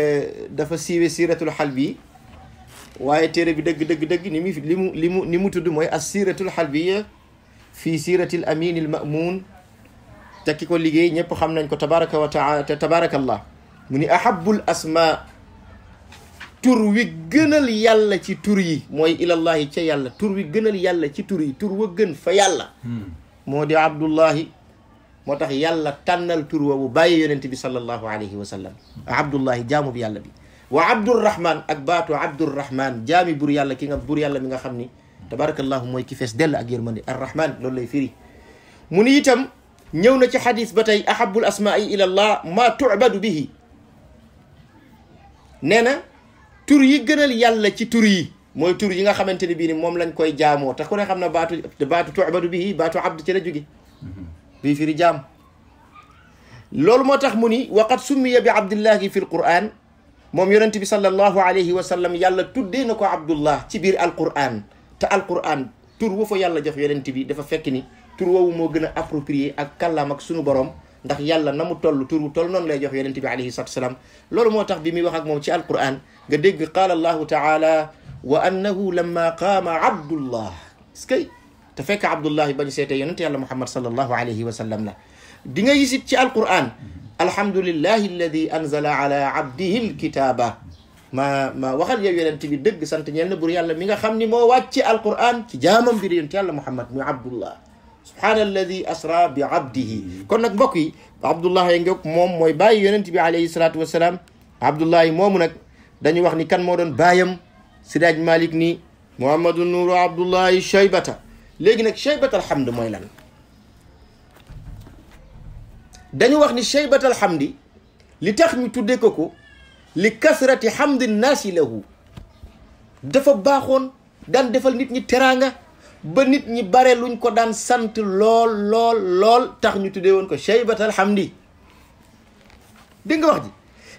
dafa siiwe siiratul xalbi waaye téere bi dëgg dëgg dëgg ni mu li mu li mu ni mu tudd mooy as siiratul xalbiya fi siiratil aminil mamun te ki ko liggéey ñëpp xam nañ ko tabaraka wa taala te tabarakallah mu ni ahabul asma tur wi gënal yàlla ci tur yi mooy ilallahi ca yàlla tur wi gënal yàlla ci tur yi tur wa gën fa yàlla moo di abdullahi motax yàlla tanal tur woowu baye yonent bi sallallahu alayhi wa sallam abdullah jamu bi yàlla bi wa abdurrahman ak batu abdurrahman jami bur yàlla ki nga bur yàlla mi nga xamni tabarakallah moy ki fess del ak yërmande arrahman lol lay firi mu ni itam ñëw ci hadith batay tey ahabul asmaai ila allah ma tu'badu bihi nee tur yi gënal yàlla ci tur yi moy tur yi nga xamanteni bi ni mom lañ koy jaamoo tax ku ne xamna batu batu tu'badu bihi batu abd ci la jóge في في رجام لول ما تخمني وقد سمي بعبد الله في القرآن مم يرنتي صلى الله عليه وسلم يلا تدينك عبد الله تبير القرآن تا القرآن تروه في يلا جف يرنتي بي دفا فكني تروه موغن أفروبري أكلا مكسونو بروم ndax yalla namu tollu turu toll non lay jox yenenbi bi alayhi salatu wasalam lolou motax bi mi wax ak mom ci alquran nga deg qala allah ta'ala wa annahu lamma qama abdullah skay te fekk abdullah ba ñu seetee yonent yàlla muhammad sallallahu alayhi wa sallam la di nga yisit ci alquran alhamdulillah alladhi anzala ala abdihi alkitaba ma ma waxal yow yonent bi deug sant ñeel bur yàlla mi nga xamni mo wacc ci alquran ci jaamam bi yonent yàlla muhammad mu abdullah سبحان الذي أسرى بعبده كون نك بوكي عبد الله ينجوك موم موي باي mooy بي عليه الصلاه والسلام عبد الله موم نك داني واخني كان مودون بايام moo مالك ني محمد malik عبد الله الشيبته léegi nag sheybatal xamdi mooy lan dañu wax ni sheybatal xamdi li tax ñu tuddee ko ko li kasrati xamdi naasi lahu dafa baaxoon daan defal nit ñi teraanga ba nit ñi bare luñ ko daan sant lool lool lool tax ñu tuddee woon ko sheybatal xamdi dégg nga wax ji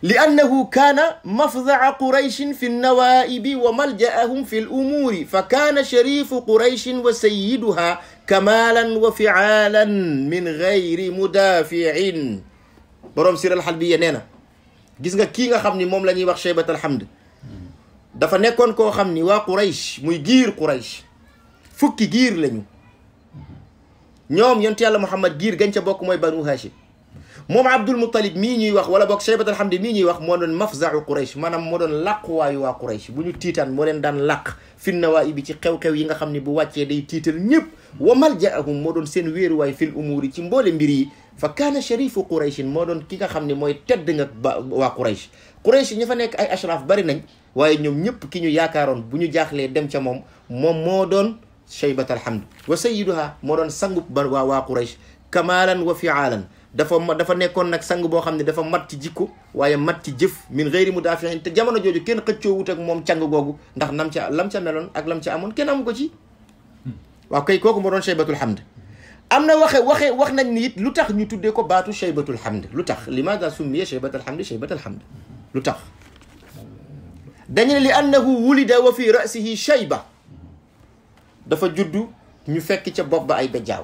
li annahu kaana mafdaa qurayshin fi lnawaa'ibi wa maljaahum fi lumuuri fa kaana sharifu qurayshin wa sayyiduha kamaalan wa fiaalan min gayri mudaafiin boroom siral xalbiya nee na gis nga kii nga xam ni moom la ñuy wax cheybat alhamd dafa nekkoon koo xam ni waa quraysh muy giir quraysh fukki giir lañu ñoom yonent yàlla muhammad giir gañ ca bokk mooy banu hashim موم عبد المطلب مين يوخ ولا بوك شيبة الحمد مين يوخ مودن مفزع قريش مانا مودن لقوا يوا قريش بنيو تيتان مودن دان لق في النوائي بيتي قيو قيو ينغا خمني بواتي دي تيتل نيب ومال جاءهم مودن سين وير واي في الأمور تيمبول مبيري فكان شريف قريش مودن كيغا خمني موي تدنغ وا قريش قريش نيفا نيك اي اشراف باري نان واي نيوم نيب كي نيو ياكارون بنيو جاخلي ديم تا موم موم مودن شيبة الحمد وسيدها مودن سانغوب بر وا قريش كمالا وفعالا dafa dafa nekkoon nag sang boo xam ne dafa mat ci jikko waaye mat ci jëf min xëyri mu daafiin te jamono jooju kenn xëccoo wut ak moom càng googu ndax nam ca lam ca meloon ak lam ca amoon kenn amu ko ci waaw kay kooku mo doon shaybatul hamd am na waxe waxe wax nañ ni it lu tax ñu tuddee ko baatu shaybatul hamd lu tax limaada summiya shaybatul hamd shaybatul hamd lu tax dañu ne li annahu wulida wa fi rasihi shayba dafa juddu ñu fekk ca bopp ba ay bejaaw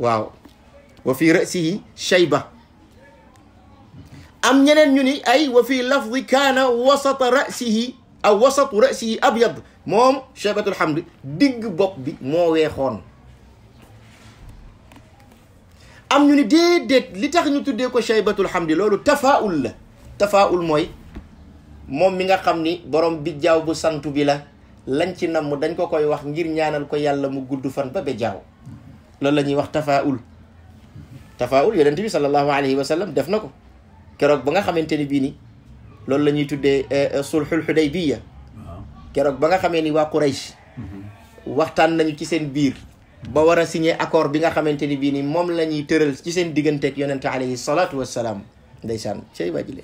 waaw wa fi rasihi shayba am ñeneen ñu ni ay wa fi lafdi kaana wasata rasihi aw wasatu abyad moom shaybatul hamd digg bopp bi moo weexoon am ñu ni déedéet li tax ñu tuddee ko shaybatul hamdi loolu tafaul la tafaul mooy moom mi nga xam ni borom bi jaaw bu santu bi la lañ ci namm dañ ko koy wax ngir ñaanal ko yàlla mu gudd fan ba ba jaaw loolu la ñuy wax tafaul tafaawul yonent bi sallallahu alayhi wa sallam def na ko keroog ba nga xamante ni bii ni loolu la ñuy tuddee eh, eh, sulxul xudaybiya keroog ba nga xamee ni waa Quraysh mhm. waxtaan nañu ci seen biir ba war a signé accord bi nga xamante ni bii ni moom la ñuy tëral ci seen digganteeg yonente alayhi salaatu wassalaam ndeysaan cey wàjile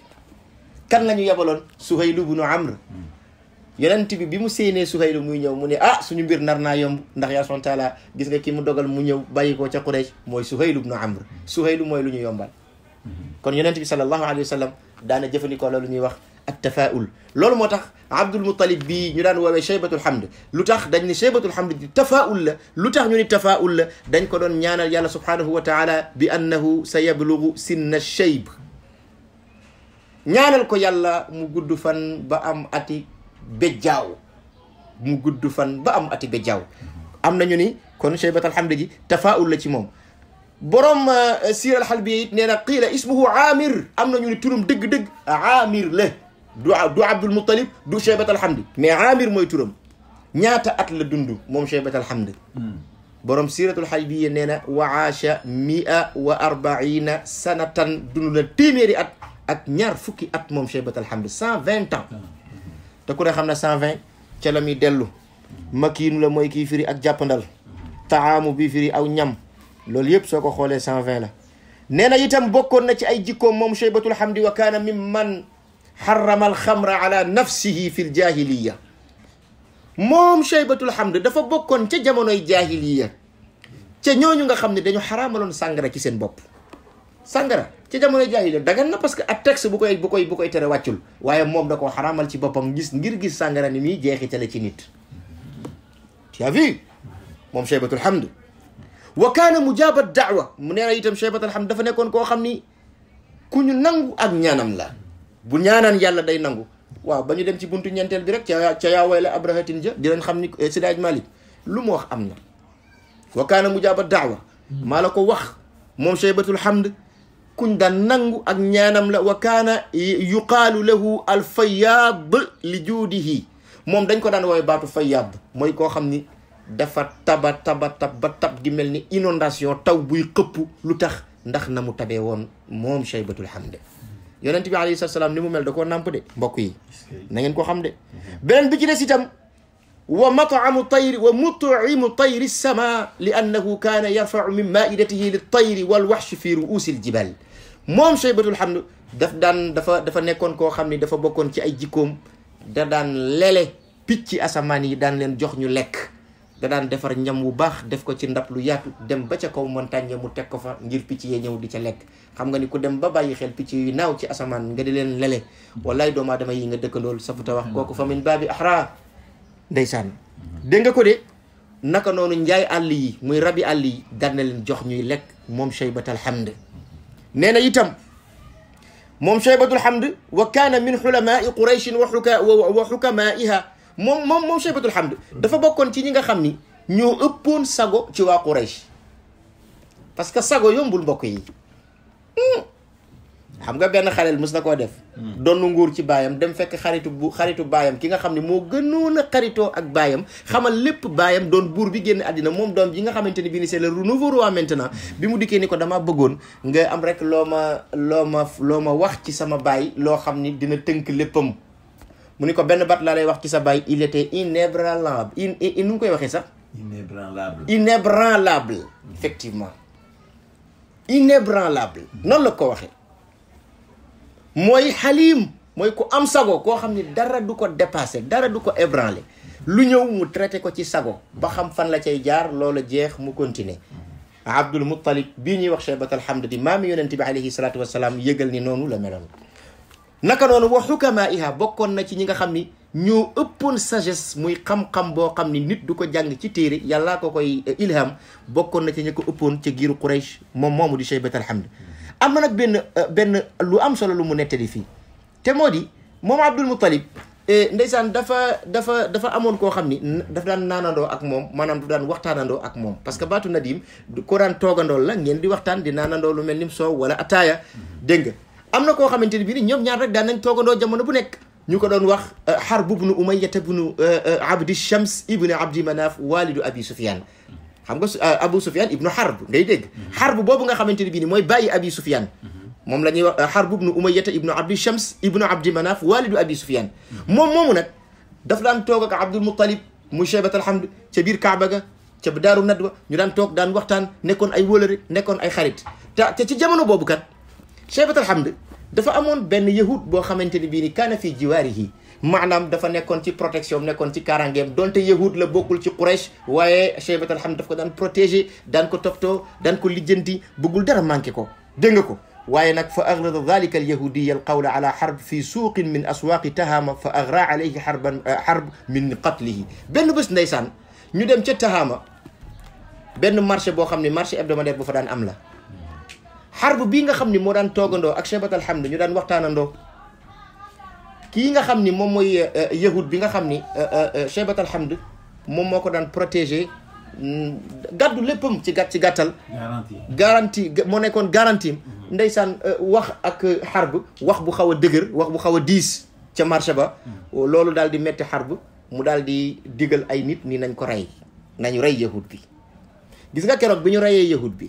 kan la yabaloon yebaloon suhaylu bunu amr mhm. yonent bi bi mu séenee Suhayl muy ñëw mu ne ah suñu mbir nar naa yomb ndax ya son taala gis nga ki mu dogal mu ñëw bayiko ca quraish moy Suhayl ibn Amr Suhayl moy lu ñu yombal kon yonent bi sallallahu alayhi wasallam daana jëfandikoo loolu ñuy wax at tafaul loolu motax Abdul Muttalib bi ñu daan wowe Shaybatul Hamd lutax dañ ni Shaybatul Hamd di tafaul la ñu ni tafaul la dañ ko doon ñaanal yàlla subhanahu wa taala bi annahu sayablughu sinna shayb ñaanal ko yàlla mu gudd fan ba am ati bejjaaw mu gudd fan ba am ati bejjaaw am nañu ni kon Cheybat alhamdi ji tafaul la ci moom borom siir alxalbi it nee na qiila ismuhu aamir am nañu ni turam dëgg-dëgg aamir la du du abdul muttalib du Cheybat alhamdi mais aamir mooy turam ñaata at la dund moom Cheybat alhamdi borom siiratul xalbiya nee wa aasha mia arbaina sanatan dund na téeméeri at ak ñaar fukki at moom Cheybat alhamdi cent vingt ans te ku ne xam ne 120 ca la muy dellu makiinu la mooy kii firi ak jàppandal taamu bi firi aw ñam loolu yëpp soo ko xoolee 120 la nee na itam bokkoon na ci ay jikkoom moom Cheybatul Hamdi wa kaana min man xarama alxamra ala nafsihi fi ljahiliya moom Cheybatul Hamdi dafa bokkoon ca jamonoy jahiliya ca ñooñu nga xam ne dañu xaraamaloon sàngara ci seen bopp sàngara ci jamono jaahiliya dagan na parce que ab texte bu koy bu koy bu koy tere wàccul waaye moom da ko xaraamal ci boppam gis ngir gis sàngara ni muy jeexitale ci nit tu as vu moom Cheybatul Hamd wa kaana mujaaba daawa mu nee na itam dafa nekkoon koo xam ni ku ñu nangu ak ñaanam la bu ñaanaan yàlla day nangu waaw ba ñu dem ci buntu ñeenteel bi rek ca ca yaaway la abrahatin ja di leen xam ni eh, sidaaj lu mu wax am na wa kaana mujaaba daawa maa la ko wax moom Cheybatul Hamd كندا ننغو أغنانم لا وكان يقال له الفياض لجوده موم دنكو دان وي باتو فياض موي كو خامني دافا تابا تابا تابا تاب دي ملني انونداسيون تاو بوي خبو لوتاخ ندخ نامو تابي وون موم شيبه الحمد يونتبي عليه الصلاه والسلام نيمو مل دكو نامبو دي مبوكي نانين كو خامدي بنن بيتي ناسي تام ومطعم الطير ومطعم طير السماء لأنه كان يرفع من مائدته للطير والوحش في رؤوس الجبال moom Cheybatul Hamd daf daan dafa dafa nekkoon koo xam ni dafa bokkoon ci ay jikkoom da daan lele picc asamaan yi daan leen jox ñu lekk da daan defar ñam wu baax def ko ci ndab lu yaatu dem ba ca kaw montagne mu teg ko fa ngir picc yee ñëw di ca lekk xam nga ni ku dem ba bàyyi xel picc yu naaw ci asamaan nga di leen lele wallaay doomu aadama yi nga dëkkandool safuta wax kooku fa min baabi ahra ndeysaan dégg nga ko de naka noonu njaay àll yi muy rabi àll yi daan na leen jox ñuy lekk moom Cheybatul nde نينا يتم موم شعيب الحمد وكان من حلماء قريش وحكا وحكمائها موم موم موم شعيب الحمد دا فا بوكون تي نيغا خامني نيو اوبون ساغو تي وا قريش باسكو ساغو يوم بول بوكي xam nga benn xaleel mës na koo def hmm. donn nguur ci baayam dem fekk xaritu bu xaritu baayam ki nga xam ne moo gënoon a xaritoo ak baayam xamal lépp baayam doon buur bi génn àddina moom doom yi nga xamante ni bi ni c'est le renouveau roi maintenant bi mu dikkee ni ko damaa bëggoon nga am rek loo ma loo ma loo ma wax ci sama baay loo xam ni dina tënk léppam mu ni ko benn baat laa lay wax ci sa baay il était inébranlable in nu ngi koy waxee sax inébranlable inébranlable effectivement inébranlable noonu la ko waxee mooy xaliim mooy ku am sago koo xam ni dara du ko dépassé dara du ko ébranlé lu ñëw mu traité ko ci sago ba xam fan la cee jaar loola jeex mu continuer abdul muttalib bii ñuy wax chebat alhamd di maami yonente bi alayhi salatu wasalaam yëgal ni noonu la meloon naka noonu wa xukamaa iha bokkoon na ci ñi nga xam ni ñu ëppoon sagesse muy xam-xam boo xam ni nit du ko jàng ci téere yàllaa ko koy eh, ilham bokkoon na ci ñi ko ëppoon ca giiru quraysh moom moomu di chebat alhamd am nak ben ben lu am solo lu mu netali fi te modi mom abdul mutalib e ndeysaan dafa dafa dafa amone ko xamni dafa dan nanando ak mom manam du dan waxtanando ak mom parce que baatu nadim ko daan toogandoo la ngeen di waxtan di nanando lu melni so wala ataya deng nga am na koo xamante ni bii ni ñoom ñaar rek dan nañ toogandoo jamono bu nek ñu ko doon wax Harb ibnu Umayya ibnu Abdi Shams ibn abd Manaf walid Abi Sufyan xam nga euh, Abu Sufyan ibnu Harb ngay dégg mhm. Harb boobu nga xamante ne bii ni mooy bàyyi Abi Sufyan mhm. moom la ñuy wax euh, Harb ibnu Umayyata ibnu Abdi Shams ibnu Abdi Manaf walidu Abi Sufyan mhm. moom moomu nag daf daan toog ak Abdul Muttalib mu chebat alhamd ca biir Kaaba ga ca daaru nadwa ñu daan toog daan waxtaan nekkoon ay wólëre nekkoon ay xarit te ci jamono boobu kat chebat alhamd dafa amoon benn yahud boo xamante ne bii ni kaana fii jiwaarihi maanaam dafa nekkoon ci protection nekkoon ci kaaraangeem donte yahud la bokkul ci quraish waaye Cheybatul Hamd daf ko daan protéger daan ko toppatoo daan ko lijjanti bëggul dara manqué ko dégg nga ko waaye nag fa agrada dalika alyahudi alqawla ala xarb fi suuqin min aswaaqi tahaama fa agra alayhi xarban xarb min qatlihi benn bés ndeysaan ñu dem ca tahama benn marché boo xam ne marché hebdomadaire bu fa daan am la xarb bii nga xam ne moo daan toogandoo ak Cheybatul alhamd ñu daan waxtaanandoo kii nga xam ni moom mooy euh, euh, yahud bi nga xam ni Cheybat euh, alhamd moom moo ko daan protéger mm, gàddu léppam ci gàtt ci gàttal garantie moo nekkoon garantie mm-hmm. ndeysaan wax ak xarb wax bu xaw a dëgër wax bu xaw a diis ca marché ba mm-hmm. loolu daal di metti xarb mu daal di digal ay nit ni nañ ko rey nañu rey yahud bi gis nga keroog bi ñu reyee yahud bi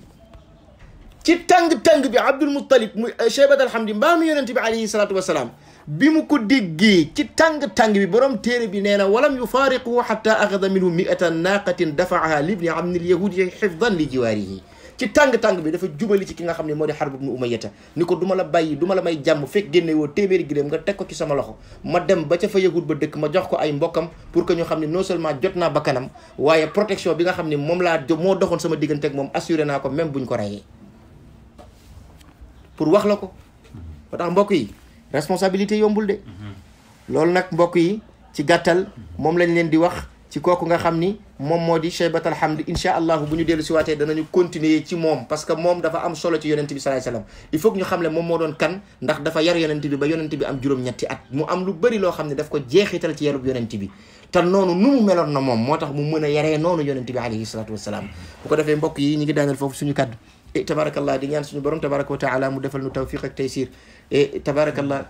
ci tàng-tàng bi abdul muttalib mu Cheybat alhamd mbaa mu yonente bi alayhi salaatu wasalaam bi mu ko déggee ci tàng-tàng bi borom téere bi nee na walam yufaariquhu xatta axada minhu miata naaqatin dafaaha libni amni lyahudi xifdan li jiwaarihi ci tàng-tàng bi dafa jubali ci ki nga xam ne moo di Harb ibnu Umayyata ni ko du ma la bàyyi du la may jàmm fekk génne woo téeméeri gëléem nga teg ko ci sama loxo ma dem ba ca fa yahud ba dëkk ma jox ko ay mbokkam pour que ñu xam ne noo seulement jot naa bakkanam waaye protection bi nga xam ne moom laa moo doxoon sama diggante ak moom assuré naa ko même buñ ko rayee wax la ko ba mbokk yi responsabilité yombul de loolu nak mbok yi ci gàttal mom lañ leen di wax ci koku nga xamni mom modi moo di Cheybat Alhamd incha allahu bu ñu dellu si danañu continuer ci mom parce que mom dafa am solo ci yonnati bi sallallahu alayhi wasallam il faut que ñu xamle mom mo doon kan ndax dafa yar yonnati bi ba yonnati bi am juróom-ñetti at mu am lu bari lo xamni daf ko jeexital ci yarub yonnati bi ta nonu nu mu meloon na mom motax mu meuna yaré nonu yonnati bi alayhi salatu wasallam bu ko defé mbok yi ñi ngi daaneel fofu suñu kaddu eh tabarakallah di ñaan suñu borom tabaraka wa taala mu defal nu tawfiq ak taysir tabarakallah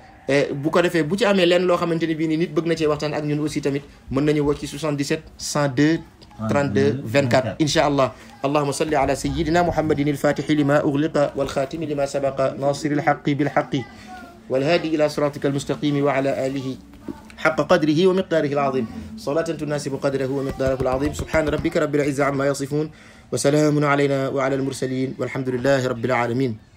bu ko defee bu ci amee lenn loo xamante ni bii nii nit bëgg na cee waxtaan ak ñun aussi tamit mën nañu woo ci 77 102 32 24 insha allah allahuma salli ala sayidina muhammadin alfatixi lima ugliqa walxaatimi lima sabaqa nasiri alxaqi bilxaqi والهادي إلى صراطك wa ala alihi حق قدره ومقداره العظيم صلاة تناسب قدره ومقداره العظيم سبحان ربك رب العزة عما يصفون وسلام علينا وعلى المرسلين والحمد لله رب العالمين